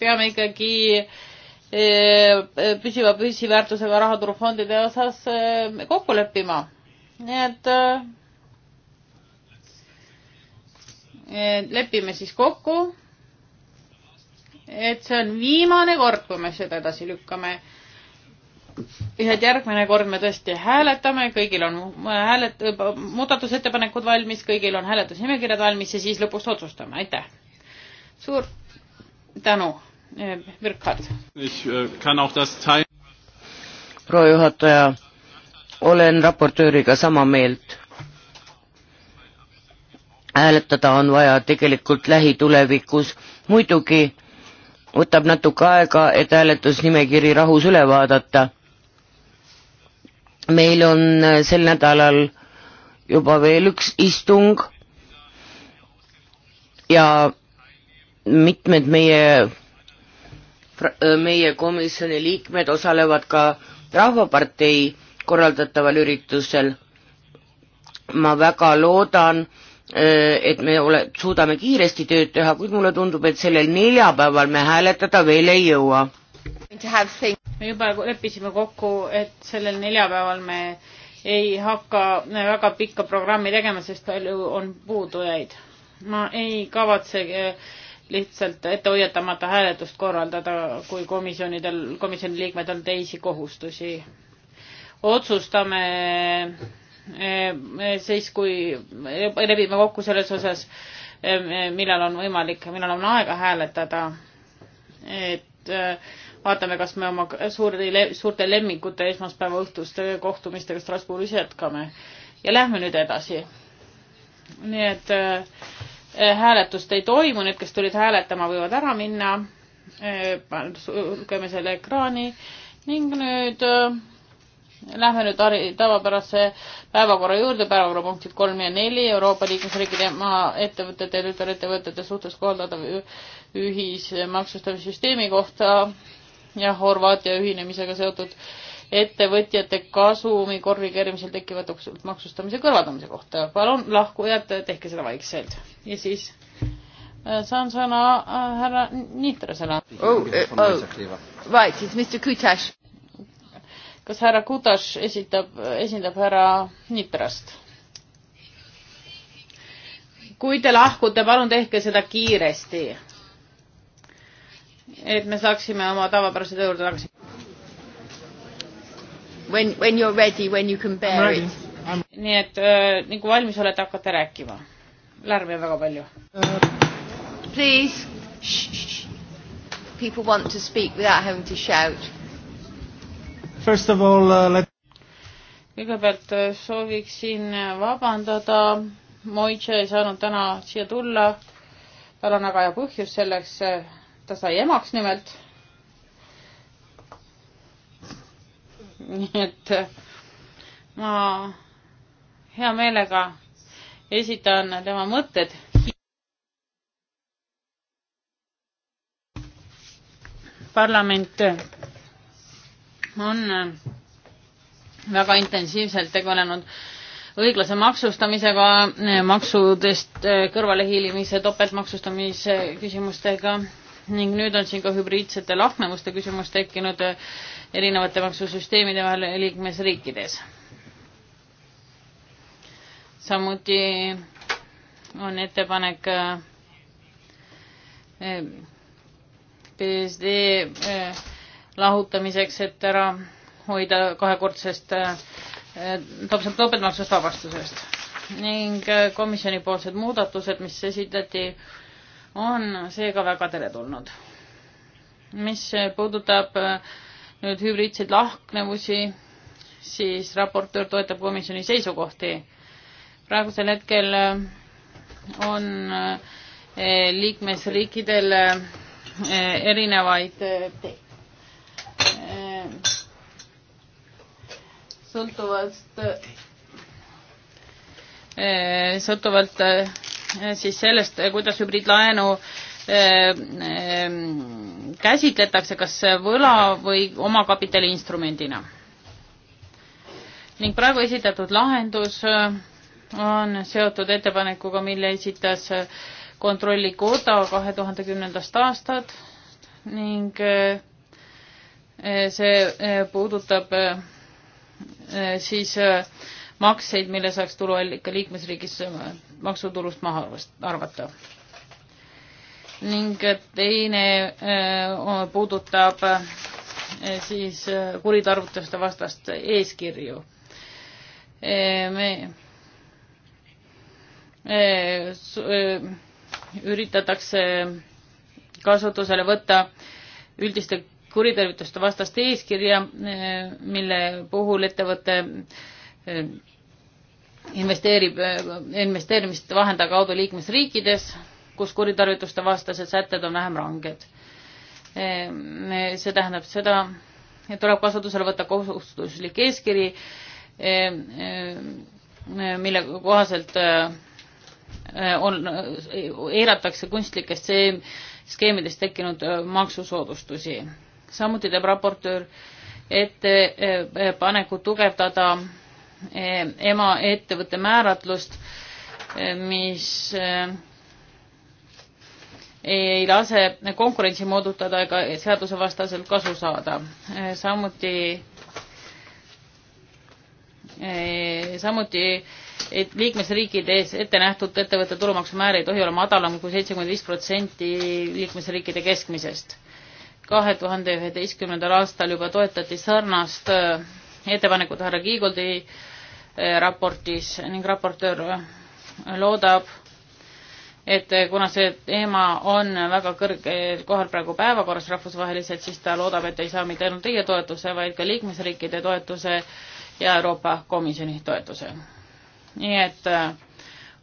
Speaker 1: peame ikkagi eh, püsiva püsiväärtusega rahaturufondide osas eh, kokku leppima. nii et eh, lepime siis kokku, et see on viimane kord, kui me seda edasi lükkame nii et järgmine kord me tõesti hääletame, kõigil on äh, häälet-, äh, muudatusettepanekud valmis, kõigil on hääletusnimekirjad valmis ja siis lõpuks otsustame, aitäh. suur tänu, Birkhard. Äh,
Speaker 2: proua juhataja, olen raportööriga sama meelt. hääletada on vaja tegelikult lähitulevikus, muidugi võtab natuke aega, et hääletusnimekiri rahus üle vaadata meil on äh, sel nädalal juba veel üks istung ja mitmed meie, äh, meie komisjoni liikmed osalevad ka Rahvapartei korraldataval üritusel. ma väga loodan, äh, et me ole, suudame kiiresti tööd teha, kuid mulle tundub, et sellel neljapäeval me hääletada veel ei jõua
Speaker 1: me juba leppisime kokku, et sellel neljapäeval me ei hakka väga pikka programmi tegema, sest palju on puudujaid. ma ei kavatse eh, lihtsalt ette hoiatamata hääletust korraldada, kui komisjonidel, komisjoni liikmed on teisi kohustusi. otsustame eh, siis, kui lepime kokku selles osas, eh, millal on võimalik, millal on aega hääletada, et vaatame, kas me oma suurde, suurte lemmikute esmaspäeva õhtuste kohtumistega Strasbourgis jätkame. ja lähme nüüd edasi. nii et äh, hääletust ei toimu, need, kes tulid hääletama, võivad ära minna äh,. sulgeme selle ekraani ning nüüd äh, Lähme nüüd tavapärase päevakorra juurde, päevakorrapunktid kolm ja neli, Euroopa liikmesriikide maaettevõtete ja tütarettevõtete suhtes kohaldatav ühismaksustamissüsteemi kohta ja Horvaatia ühinemisega seotud ettevõtjate kasumi korrigeerimisel tekiva maksustamise kõrvaldamise kohta. palun lahkujad, tehke seda vaikselt ja siis äh, saan sõna äh, härra Nitrasele oh,. Eh, oh. Right, it's Mr Kutash. kas härra Kutash esitab, esindab härra Nitrast? kui te lahkute, palun tehke seda kiiresti et me saaksime oma tavapärase töö juurde tagasi. When,
Speaker 2: when you are ready, when you can bear it.
Speaker 1: nii et äh, nii nagu kui valmis olete, hakkate rääkima. lärmi on väga palju
Speaker 2: uh,. Please. People want to speak without having to shout.
Speaker 1: First of all uh,, let kõigepealt äh, sooviksin vabandada, Moitše ei saanud täna siia tulla, tal on väga hea põhjus selleks, äh, ta sai emaks nimelt. nii et ma hea meelega esitan tema mõtted. parlament on väga intensiivselt tegelenud õiglase maksustamisega, maksudest kõrvalehiilimise, topeltmaksustamise küsimustega ning nüüd on siin ka hübriidsete lahknevuste küsimus tekkinud eh, erinevate maksusüsteemide vahel liikmesriikides. samuti on ettepanek eh, eh, PSD lahutamiseks, et ära hoida kahekordsest topeltmaksust vabastusest ning komisjonipoolsed muudatused, mis esitati on seega väga teretulnud. mis puudutab äh, nüüd hübriidseid lahknevusi, siis raportöör toetab komisjoni seisukohti. praegusel hetkel äh, on äh, liikmesriikidel erinevaid sõltuvalt sõltuvalt Eh, siis sellest, eh, kuidas hübriidlaenu eh, käsitletakse kas võla või omakapitali instrumendina. ning praegu esitatud lahendus on seotud ettepanekuga, mille esitas kontrollikoda kahe tuhande kümnendast aastat ning see puudutab siis makseid, mille saaks tuluallika liikmesriigis äh, maksutulust maha arvata. ning teine äh, puudutab äh, siis kuritarvutuste vastast eeskirju. me üritatakse kasutusele võtta üldiste kuritarvituste vastast eeskirja, mille puhul ettevõte investeerib investeerimist vahenda kaudu liikmesriikides, kus kuritarvituste vastased sätted on vähem ranged. Ehm, see tähendab seda, et tuleb kasutusele võtta kohustuslik eeskiri, ehm, ehm, mille kohaselt eh, on, eiratakse kunstlikest skeemidest tekkinud eh, maksusoodustusi. samuti teeb raportöör ettepaneku eh, tugevdada Eh, emaettevõtte määratlust, eh, mis eh, ei lase konkurentsi moodutada ega seadusevastaselt kasu saada. samuti, samuti et liikmesriikides ette nähtud ettevõtte tulumaksumäär ei tohi olla madalam kui seitsekümmend viis protsenti liikmesriikide keskmisest. kahe tuhande üheteistkümnendal aastal juba toetati sarnast ettepanekut härra Kiigoldi äh, Eh, raportis ning raportöör loodab, et kuna see teema on väga kõrgel kohal praegu päevakorras rahvusvaheliselt, siis ta loodab, et ei saa mitte ainult teie toetuse, vaid ka liikmesriikide toetuse ja Euroopa Komisjoni toetuse. nii et eh,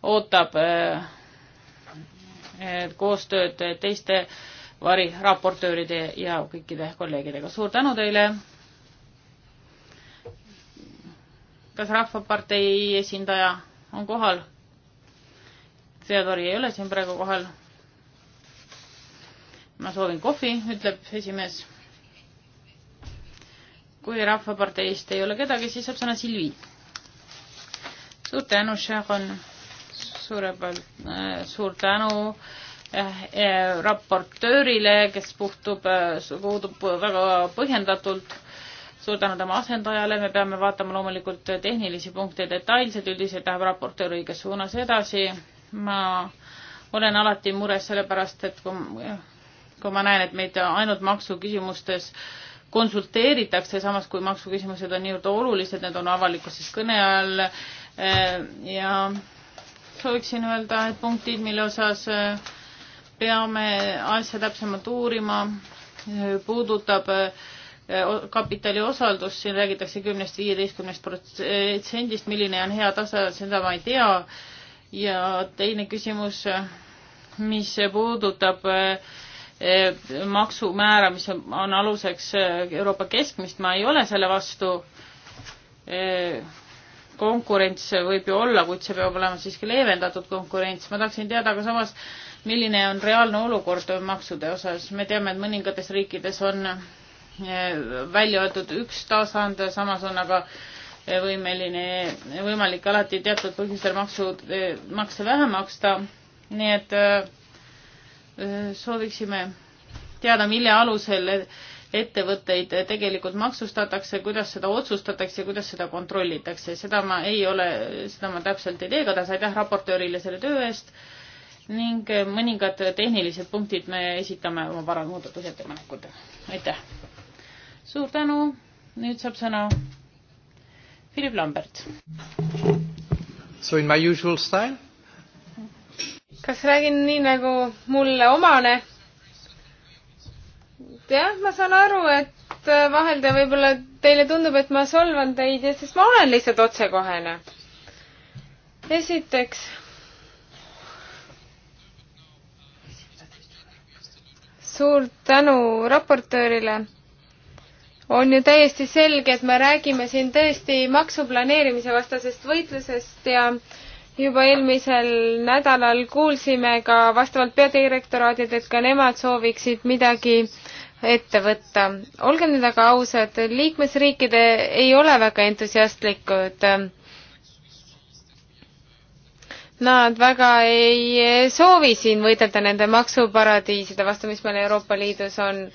Speaker 1: ootab eh, koostööd teiste variraportööride ja kõikide kolleegidega. suur tänu teile! kas Rahvapartei esindaja on kohal? Theodori ei ole siin praegu kohal. ma soovin kohvi, ütleb esimees. kui Rahvaparteist ei ole kedagi, siis saab sõna Silvi. suur tänu, Sharon. suurepärane äh,, suur tänu äh, äh, raportöörile, kes puhtub, äh, puudub väga põhjendatult suur tänu tema asendajale, me peame vaatama loomulikult tehnilisi punkte detailselt, üldiselt läheb raportöör õiges suunas edasi. ma olen alati mures sellepärast, et kui, kui ma näen, et meid ainult maksuküsimustes konsulteeritakse, samas kui maksuküsimused on niivõrd olulised, need on avalikkuses kõne all eh, ja sooviksin öelda, et punktid, mille osas eh, peame asja täpsemalt uurima, eh, puudutab äh, Äh, kapitali osaldus, siin räägitakse kümnest, viieteistkümnest protsendist, milline on hea tase, seda ma ei tea. ja teine küsimus, mis puudutab äh, maksumäära, mis on aluseks äh, Euroopa keskmist, ma ei ole selle vastu. konkurents võib ju olla, kuid see peab olema siiski leevendatud konkurents. ma tahaksin teada, aga samas, milline on reaalne olukord maksude osas. me teame, et mõningates riikides on välja öeldud üks tasand, samas on aga võimeline, võimalik alati teatud põhjustel maksud, makse vähe maksta. nii et äh, sooviksime teada, mille alusel ettevõtteid tegelikult maksustatakse, kuidas seda otsustatakse, kuidas seda kontrollitakse, seda ma ei ole, seda ma täpselt ei tea, igatahes aitäh raportöörile selle töö eest ning mõningad tehnilised punktid me esitame oma varamuudatusettepanekutega. aitäh! suur tänu, nüüd saab sõna Philip Lambert.
Speaker 2: So in my usual style?
Speaker 3: kas räägin nii nagu mulle omane? jah, ma saan aru, et vahel te võib-olla, teile tundub, et ma solvan teid ja siis ma olen lihtsalt otsekohene. esiteks. suur tänu raportöörile on ju täiesti selge, et me räägime siin tõesti maksuplaneerimise vastasest võitlusest ja juba eelmisel nädalal kuulsime ka vastavalt peadirektoraadilt, et ka nemad sooviksid midagi ette võtta. olgem nüüd aga ausad, liikmesriikid ei ole väga entusiastlikud. Nad väga ei soovi siin võidelda nende maksuparadiiside vastu, mis meil Euroopa Liidus on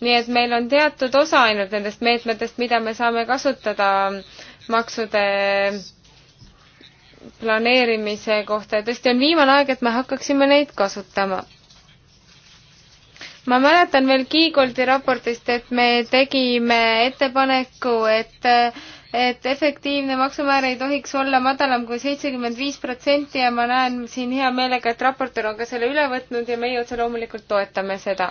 Speaker 3: nii et meil on teatud osa ainult nendest meetmetest, mida me saame kasutada maksude planeerimise kohta ja tõesti on viimane aeg, et me hakkaksime neid kasutama. ma mäletan veel Kiigoldi raportist, et me tegime ettepaneku, et et efektiivne maksumäär ei tohiks olla madalam kui seitsekümmend viis protsenti ja ma näen siin hea meelega, et raportöör on ka selle üle võtnud ja meie otse loomulikult toetame seda.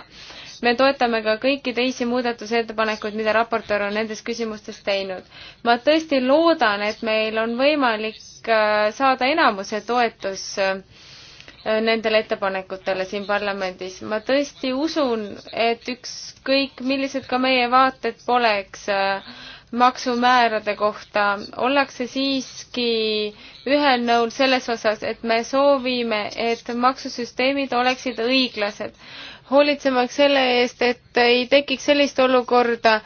Speaker 3: me toetame ka kõiki teisi muudatusettepanekuid, mida raportöör on nendes küsimustes teinud. ma tõesti loodan, et meil on võimalik äh, saada enamuse toetus äh, nendele ettepanekutele siin parlamendis. ma tõesti usun, et ükskõik millised ka meie vaated poleks äh, maksumäärade kohta ollakse siiski ühel nõul selles osas, et me soovime, et maksusüsteemid oleksid õiglased, hoolitsemaks selle eest, et ei tekiks sellist olukorda,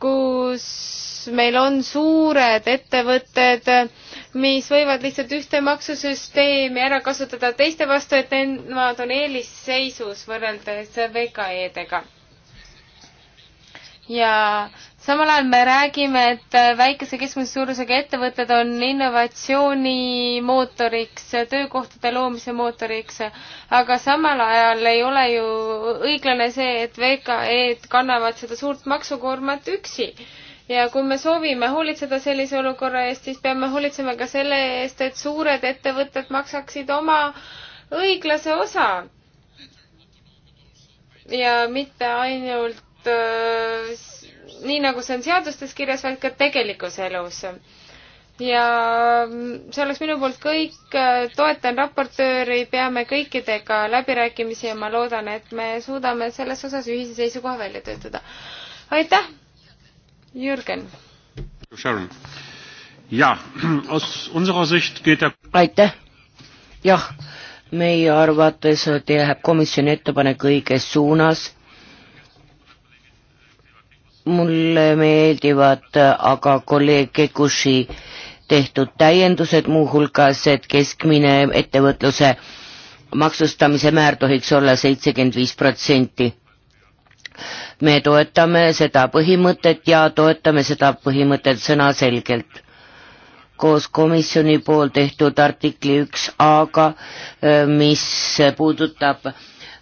Speaker 3: kus meil on suured ettevõtted, mis võivad lihtsalt ühte maksusüsteemi ära kasutada teiste vastu, et nemad on eelisseisus võrreldes VKE-dega. ja samal ajal me räägime, et äh, väikese keskmise suurusega ettevõtted on innovatsiooni mootoriks, töökohtade loomise mootoriks, aga samal ajal ei ole ju õiglane see, et VKE-d kannavad seda suurt maksukoormat üksi. ja kui me soovime hoolitseda sellise olukorra eest, siis peame hoolitsema ka selle eest, et suured ettevõtted maksaksid oma õiglase osa. ja mitte ainult äh, nii nagu see on seadustes kirjas, vaid ka tegelikus elus. ja see oleks minu poolt kõik, toetan raportööri, peame kõikidega läbirääkimisi ja ma loodan, et me suudame selles osas ühise seisukoha välja töötada. aitäh, Jürgen!
Speaker 2: aitäh! jah, meie arvates jääb komisjoni ettepanek õiges suunas mulle meeldivad äh, aga kolleeg Kekushi tehtud täiendused, muuhulgas, et keskmine ettevõtluse maksustamise määr tohiks olla seitsekümmend viis protsenti. me toetame seda põhimõtet ja toetame seda põhimõtet sõnaselgelt. koos komisjoni pool tehtud artikli üks A-ga, äh, mis puudutab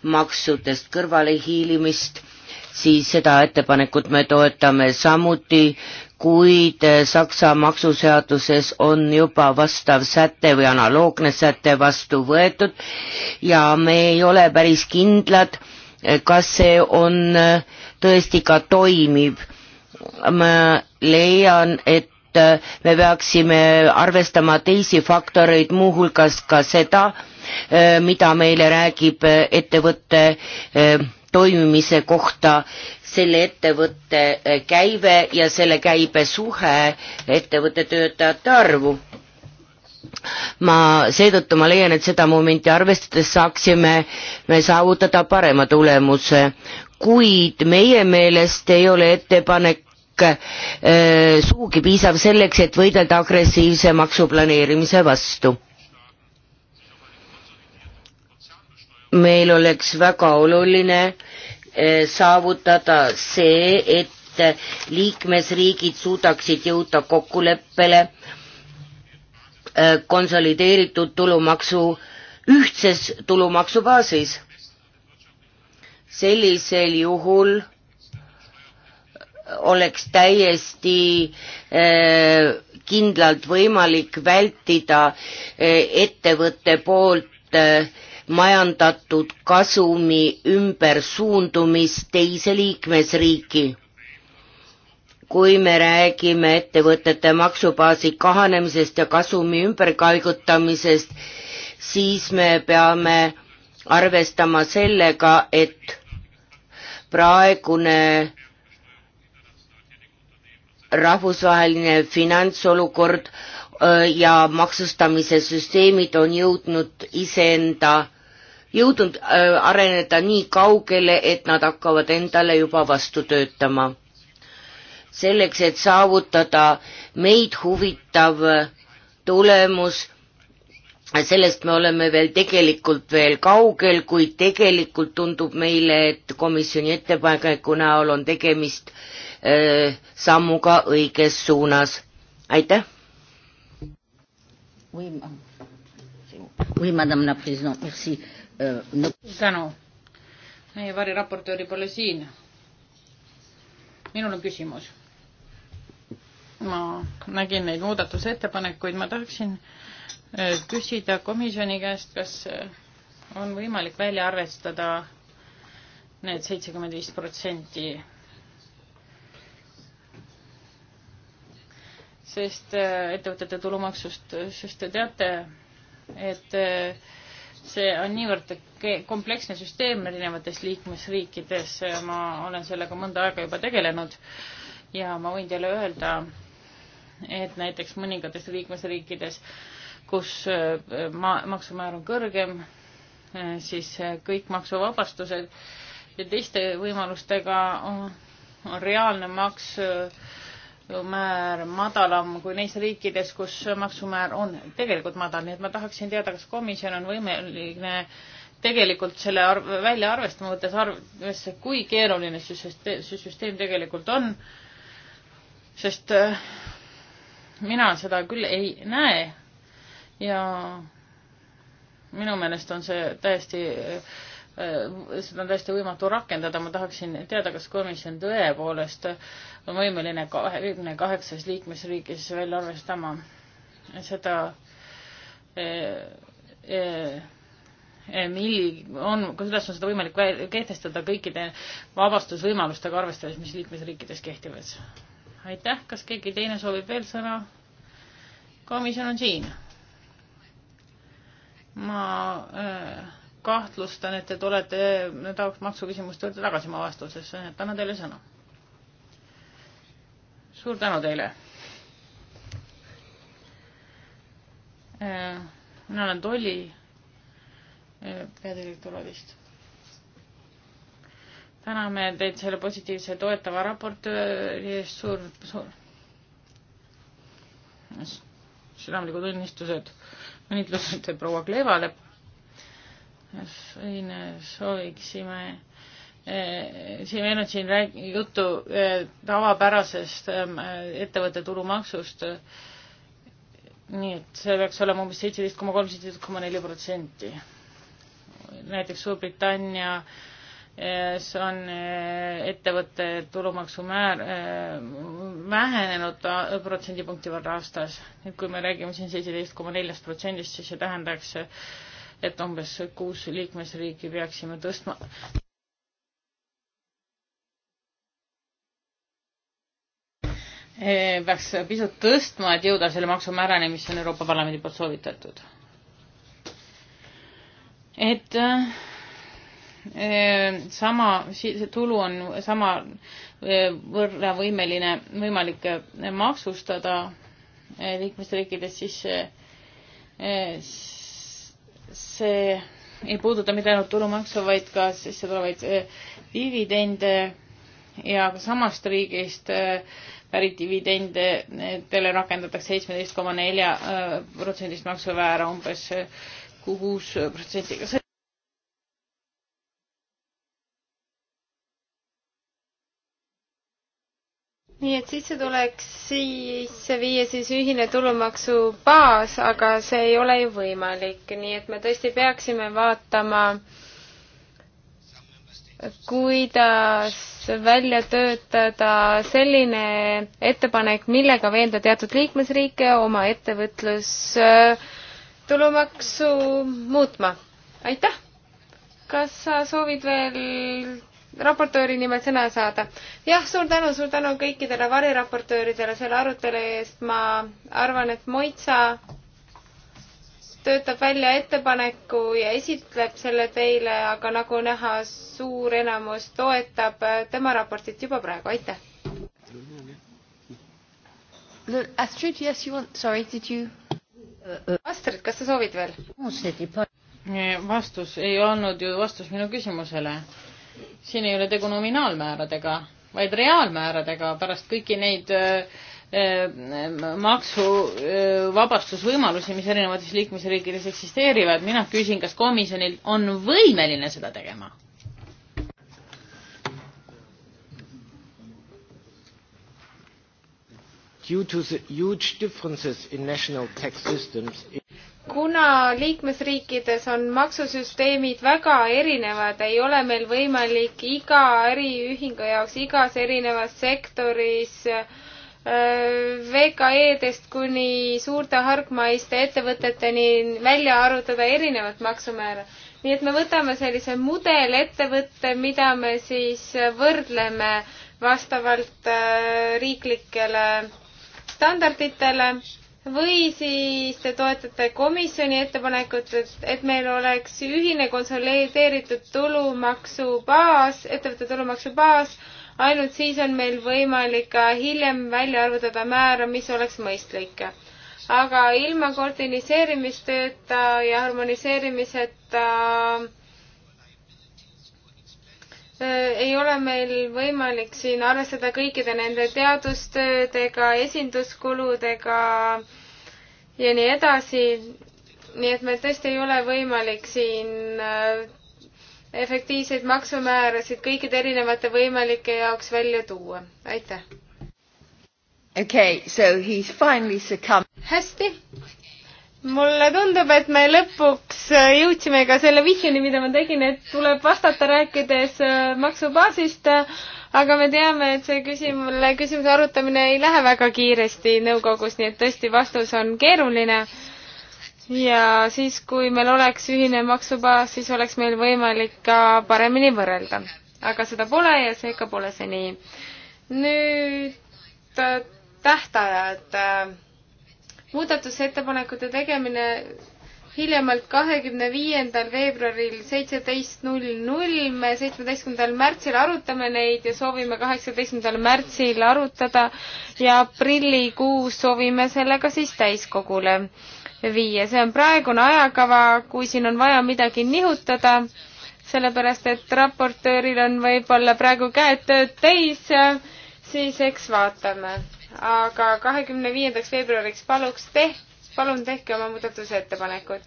Speaker 2: maksudest kõrvalehiilimist siis seda ettepanekut me toetame samuti, kuid äh, Saksa maksuseaduses on juba vastav säte või analoogne säte vastu võetud ja me ei ole päris kindlad, äh, kas see on äh, tõesti ka toimiv. ma leian, et me peaksime arvestama teisi faktoreid, muuhulgas ka seda, mida meile räägib ettevõtte toimimise kohta selle ettevõtte eh, käive ja selle käibe suhe ettevõtte töötajate arvu. ma, seetõttu ma leian, et seda momenti arvestades saaksime me saavutada parema tulemuse, kuid meie meelest ei ole ettepanek eh, sugugi piisav selleks, et võidelda agressiivse maksuplaneerimise vastu meil oleks väga oluline eh, saavutada see, et liikmesriigid suudaksid jõuda kokkuleppele eh, konsolideeritud tulumaksu, ühtses tulumaksubaasis. sellisel juhul oleks täiesti eh, kindlalt võimalik vältida ettevõtte poolt majandatud kasumi ümbersuundumist teise liikmesriiki. kui me räägime ettevõtete maksubaasi kahanemisest ja kasumi ümberkaigutamisest, siis me peame arvestama sellega, et praegune rahvusvaheline finantsolukord Äh, ja maksustamise süsteemid on jõudnud iseenda, jõudnud äh, areneda nii kaugele, et nad hakkavad endale juba vastu töötama. selleks, et saavutada meid huvitav tulemus, sellest me oleme veel tegelikult veel kaugel, kuid tegelikult tundub meile, et komisjoni ettepaneku näol on tegemist öö, äh, sammuga õiges suunas. aitäh! oui, ma... oui, madame la president, merci uh,. No... tänu.
Speaker 1: meie variraportööri pole siin. minul on küsimus. ma nägin neid muudatusettepanekuid, ma tahaksin äh, küsida komisjoni käest, kas äh, on võimalik välja arvestada need seitsekümmend viis protsenti sest äh, ettevõtete tulumaksust, sest te teate, et äh, see on niivõrd kompleksne süsteem erinevates liikmesriikides, ma olen sellega mõnda aega juba tegelenud ja ma võin teile öelda, et näiteks mõningates liikmesriikides, kus äh, ma-, maksumäär on kõrgem, siis kõik maksuvabastused ja teiste võimalustega on, on reaalne maks äh, maksumäär madalam kui neis riikides, kus maksumäär on tegelikult madal, nii et ma tahaksin teada, kas komisjon on võimeline tegelikult selle arv, välja arvestama, võttes arvesse, kui keeruline see süsteem, see süsteem tegelikult on, sest äh, mina seda küll ei näe ja minu meelest on see täiesti äh, Äh, seda on täiesti võimatu rakendada, ma tahaksin teada, kas komisjon tõepoolest on võimeline kahekümne kaheksas liikmesriigis välja arvestama seda e, e, milli- on, kuidas on seda võimalik kehtestada kõikide vabastusvõimalustega arvestades, mis liikmesriikides kehtivad. aitäh, kas keegi teine soovib veel sõna? komisjon on siin. ma äh, kahtlustan, et te tulete nende maksuküsimuste juurde tagasi oma vastusesse, et annan teile sõna. suur tänu teile. Äh, mina olen tolli äh, peadirektor Odist. täname teid selle positiivse toetava raportööri eest, suur, suur südamlikud õnnistused, õnnitlused proua Klevale Eh, siin sooviksime siin meil on siin rääg-, juttu eh, tavapärasest ehm, eh, ettevõtte tulumaksust, nii et see peaks olema umbes seitseteist koma kolm, seitseteist koma neli protsenti. näiteks Suurbritannias on ettevõtte tulumaksumäär vähenenud protsendipunkti võrra aastas. nüüd kui me räägime siin seitseteist koma neljast protsendist, siis see tähendaks et umbes kuus liikmesriiki peaksime tõstma eh, peaks pisut tõstma, et jõuda selle maksumäärani, mis on Euroopa Parlamendi poolt soovitatud. et eh, sama, see tulu on sama eh, võrra võimeline, võimalik maksustada liikmesriikides, siis see ei puuduta mitte ainult tulumaksu, vaid ka sissetulevaid eh, dividende ja ka samast riigist eh, pärit dividendidele rakendatakse seitsmeteist koma nelja eh, protsendist maksuväära umbes kuus protsenti.
Speaker 3: nii et sisse tuleks sisse viia siis ühine tulumaksubaas, aga see ei ole ju võimalik, nii et me tõesti peaksime vaatama, kuidas välja töötada selline ettepanek, millega veenda teatud liikmesriike oma ettevõtlus äh, tulumaksu muutma. aitäh! kas sa soovid veel raportööri nimel sõna saada. jah, suur tänu, suur tänu kõikidele variraportööridele selle arutelu eest, ma arvan, et Moitsa töötab välja ettepaneku ja esitleb selle teile, aga nagu näha, suur enamus toetab tema raportit juba praegu, aitäh.
Speaker 2: Astrid, yes you want, sorry, did you? Astrid,
Speaker 1: kas sa soovid veel? vastus ei olnud ju vastus minu küsimusele siin ei ole tegu nominaalmääradega, vaid reaalmääradega pärast kõiki neid äh, äh, maksuvabastusvõimalusi, äh, mis erinevates liikmesriikides eksisteerivad. mina küsin, kas komisjonil on võimeline seda tegema?
Speaker 2: Due to the huge differences in national tax systems
Speaker 3: kuna liikmesriikides on maksusüsteemid väga erinevad, ei ole meil võimalik iga äriühingu jaoks igas erinevas sektoris äh, VKE-dest kuni suurte hargmaiste ettevõteteni välja arvutada erinevat maksumäära. nii et me võtame sellise mudelettevõtte, mida me siis võrdleme vastavalt äh, riiklikele standarditele või siis te toetate komisjoni ettepanekut, et, et meil oleks ühine konsolideeritud tulumaksubaas, ettevõtte tulumaksubaas, ainult siis on meil võimalik ka hiljem välja arvutada määra, mis oleks mõistlik. aga ilma koordiniseerimistööta ja harmoniseerimiseta äh, Äh, ei ole meil võimalik siin arvestada kõikide nende teadustöödega, esinduskuludega ja nii edasi. nii et meil tõesti ei ole võimalik siin äh, efektiivseid maksumäärasid kõikide erinevate võimalike jaoks välja tuua. aitäh! Okay, so he's finally succumbed. hästi, mulle tundub, et me lõpuks äh, jõudsime ka selle vihjeni, mida ma tegin, et tuleb vastata rääkides äh, maksubaasist, äh, aga me teame, et see küsimus, küsimuse arutamine ei lähe väga kiiresti nõukogus, nii et tõesti vastus on keeruline. ja siis, kui meil oleks ühine maksubaas, siis oleks meil võimalik ka paremini võrrelda. aga seda pole ja seega pole see nii. nüüd tähtajad muudatusettepanekute tegemine hiljemalt kahekümne viiendal veebruaril seitseteist null null. me seitsmeteistkümnendal märtsil arutame neid ja soovime kaheksateistkümnendal märtsil arutada ja aprillikuus soovime selle ka siis täiskogule viia. see on praegune ajakava, kui siin on vaja midagi nihutada, sellepärast et raportööril on võib-olla praegu käed tööd täis, siis eks vaatame aga kahekümne viiendaks veebruariks paluks tehke palun tehke oma muudatusettepanekud.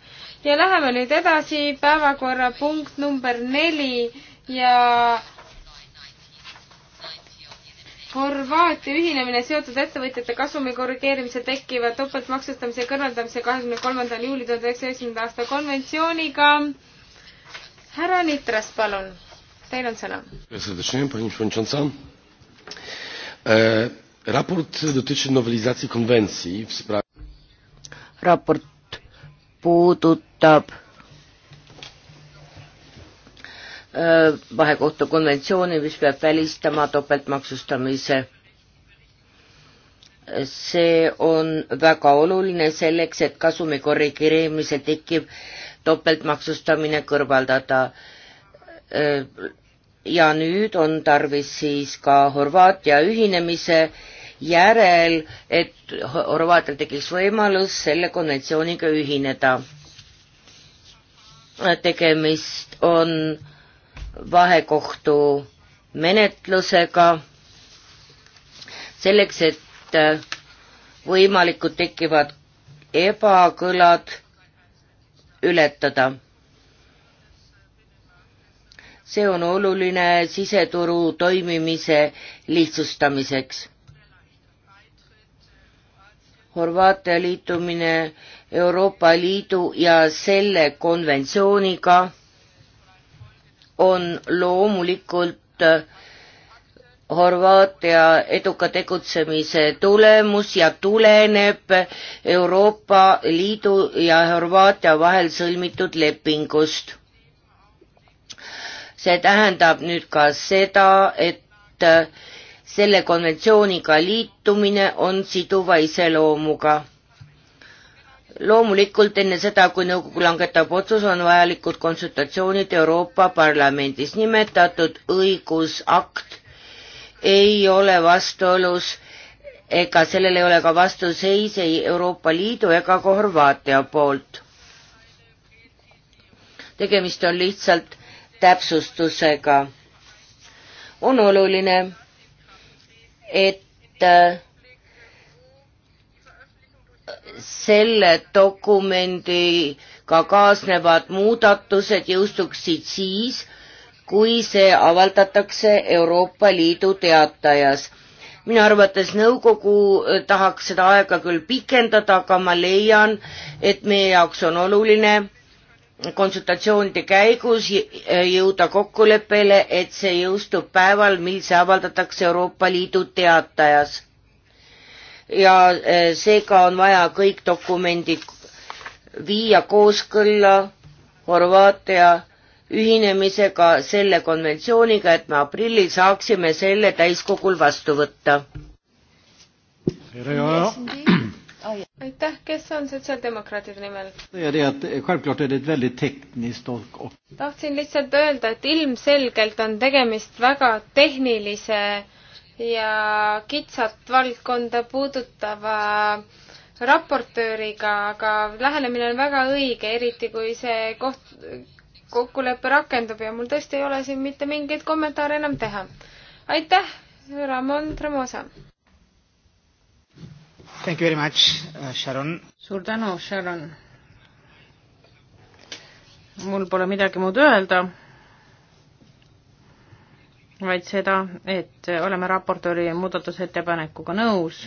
Speaker 3: ja läheme nüüd edasi, päevakorrapunkt number neli ja Horvaatia ühinemine seotud ettevõtjate kasumi korrigeerimise tekkiva topeltmaksustamise kõrvaldamise kahekümne kolmandal juuli tuhande üheksasaja üheksakümnenda aasta konventsiooniga. härra Nitras, palun, teil on
Speaker 2: sõna. Raport dotyczy nowelizacji konwencji w sprawie... Raport puudutab e, vahekohtu konventsiooni, mis peab välistama topeltmaksustamise. see on väga oluline selleks, et kasumi korrigeerimisel tekib topeltmaksustamine kõrvaldada. E, ja nüüd on tarvis siis ka Horvaatia ühinemise järel, et Horvaatial tekiks võimalus selle konventsiooniga ühineda. tegemist on vahekohtu menetlusega selleks, et võimalikud tekivad ebakõlad ületada. see on oluline siseturu toimimise lihtsustamiseks. Horvaatia liitumine Euroopa Liidu ja selle konventsiooniga on loomulikult Horvaatia eduka tegutsemise tulemus ja tuleneb Euroopa Liidu ja Horvaatia vahel sõlmitud lepingust. see tähendab nüüd ka seda, et selle konventsiooniga liitumine on siduva iseloomuga. loomulikult enne seda, kui nõukogu langetab otsus, on vajalikud konsultatsioonid Euroopa Parlamendis. nimetatud õigusakt ei ole vastuolus ega sellel ei ole ka vastuseis ei Euroopa Liidu ega ka Horvaatia poolt. tegemist on lihtsalt täpsustusega. on oluline et äh, selle dokumendiga kaasnevad muudatused jõustuksid siis, kui see avaldatakse Euroopa Liidu teatajas. minu arvates nõukogu äh, tahaks seda aega küll pikendada, aga ma leian, et meie jaoks on oluline konsultatsioonide käigus jõuda kokkuleppele, et see jõustub päeval, mil see avaldatakse Euroopa Liidu teatajas. ja e, seega on vaja kõik dokumendid viia kooskõlla Horvaatia ühinemisega selle konventsiooniga, et me aprillil saaksime selle täiskogul vastu võtta. tere, Jaa
Speaker 3: aitäh, kes on sotsiaaldemokraatide nimel? Eh, tahtsin lihtsalt öelda, et ilmselgelt on tegemist väga tehnilise ja kitsat valdkonda puudutava raportööriga, aga lähenemine on väga õige, eriti kui see koht, kokkulepe rakendub ja mul tõesti ei ole siin mitte mingeid kommentaare enam teha. aitäh, Ramon Tremosa!
Speaker 2: Thank you very much, uh, Sharon.
Speaker 1: suur tänu, Sharon. mul pole midagi muud öelda, vaid seda, et oleme raportööri muudatusettepanekuga nõus.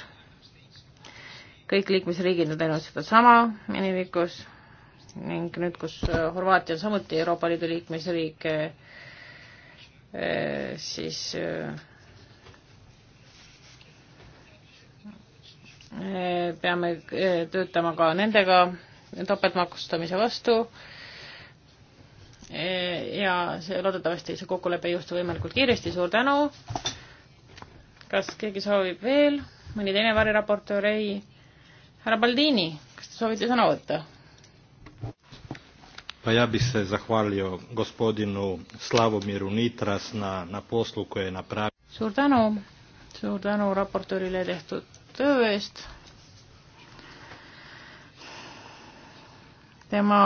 Speaker 1: kõik liikmesriigid on teinud sedasama minevikus ning nüüd, kus Horvaatia on samuti Euroopa Liidu liikmesriik, eh, eh, siis äh, peame eh, töötama ka nendega topeltmaksustamise vastu eh, ja see loodetavasti see kokkulepe ei juhtu võimalikult kiiresti, suur tänu. kas keegi soovib veel, mõni teine variraportöör, ei? härra Baldini, kas te soovite sõna võtta?
Speaker 2: Pa ja bi se zahvalio gospodinu Slavomiru Nitras na, na poslu koje je napravio.
Speaker 1: Suur tänu, suur tänu raportöörile tehtud töö eest. tema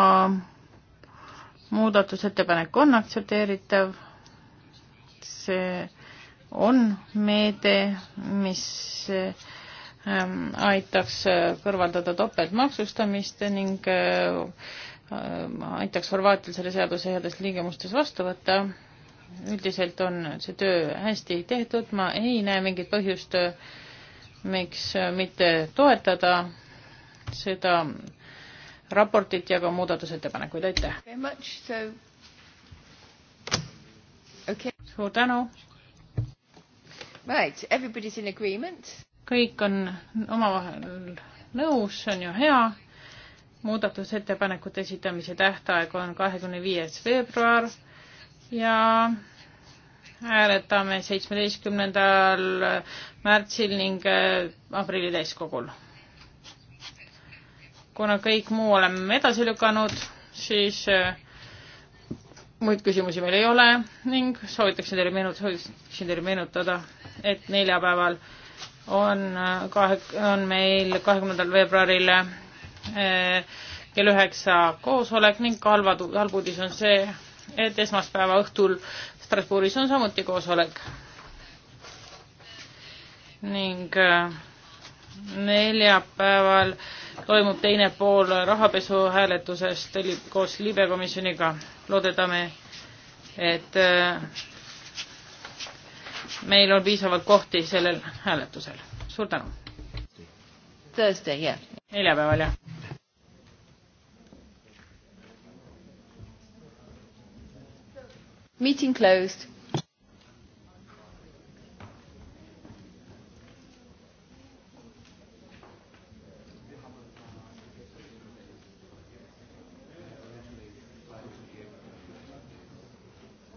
Speaker 1: muudatusettepanek on aktsepteeritav, see on meede, mis ähm, aitaks kõrvaldada topeltmaksustamist ning ähm, aitaks Horvaatial selle seaduse heades liigemustes vastu võtta. üldiselt on see töö hästi tehtud, ma ei näe mingit põhjust miks äh, mitte toetada seda raportit ja ka muudatusettepanekuid, aitäh! Okay. suur tänu!
Speaker 3: Right, everybody's in agreement.
Speaker 1: kõik on omavahel nõus, see on ju hea. muudatusettepanekute esitamise tähtaeg on kahekümne viies veebruar ja hääletame seitsmeteistkümnendal märtsil ning äh, aprilli täiskogul. kuna kõik muu oleme edasi lükanud, siis äh, muid küsimusi meil ei ole ning soovitaksin teile meenut-, soovitaksin teile meenutada, et neljapäeval on äh, kahe, on meil kahekümnendal veebruaril kell üheksa koosolek ning halva, halb uudis on see, et esmaspäeva õhtul Strasbourgis on samuti koosolek. ning äh, neljapäeval toimub teine pool rahapesu hääletusest koos libekomisjoniga. loodetame, et äh, meil on piisavalt kohti sellel hääletusel. suur tänu.
Speaker 2: neljapäeval, jah. meeting closed.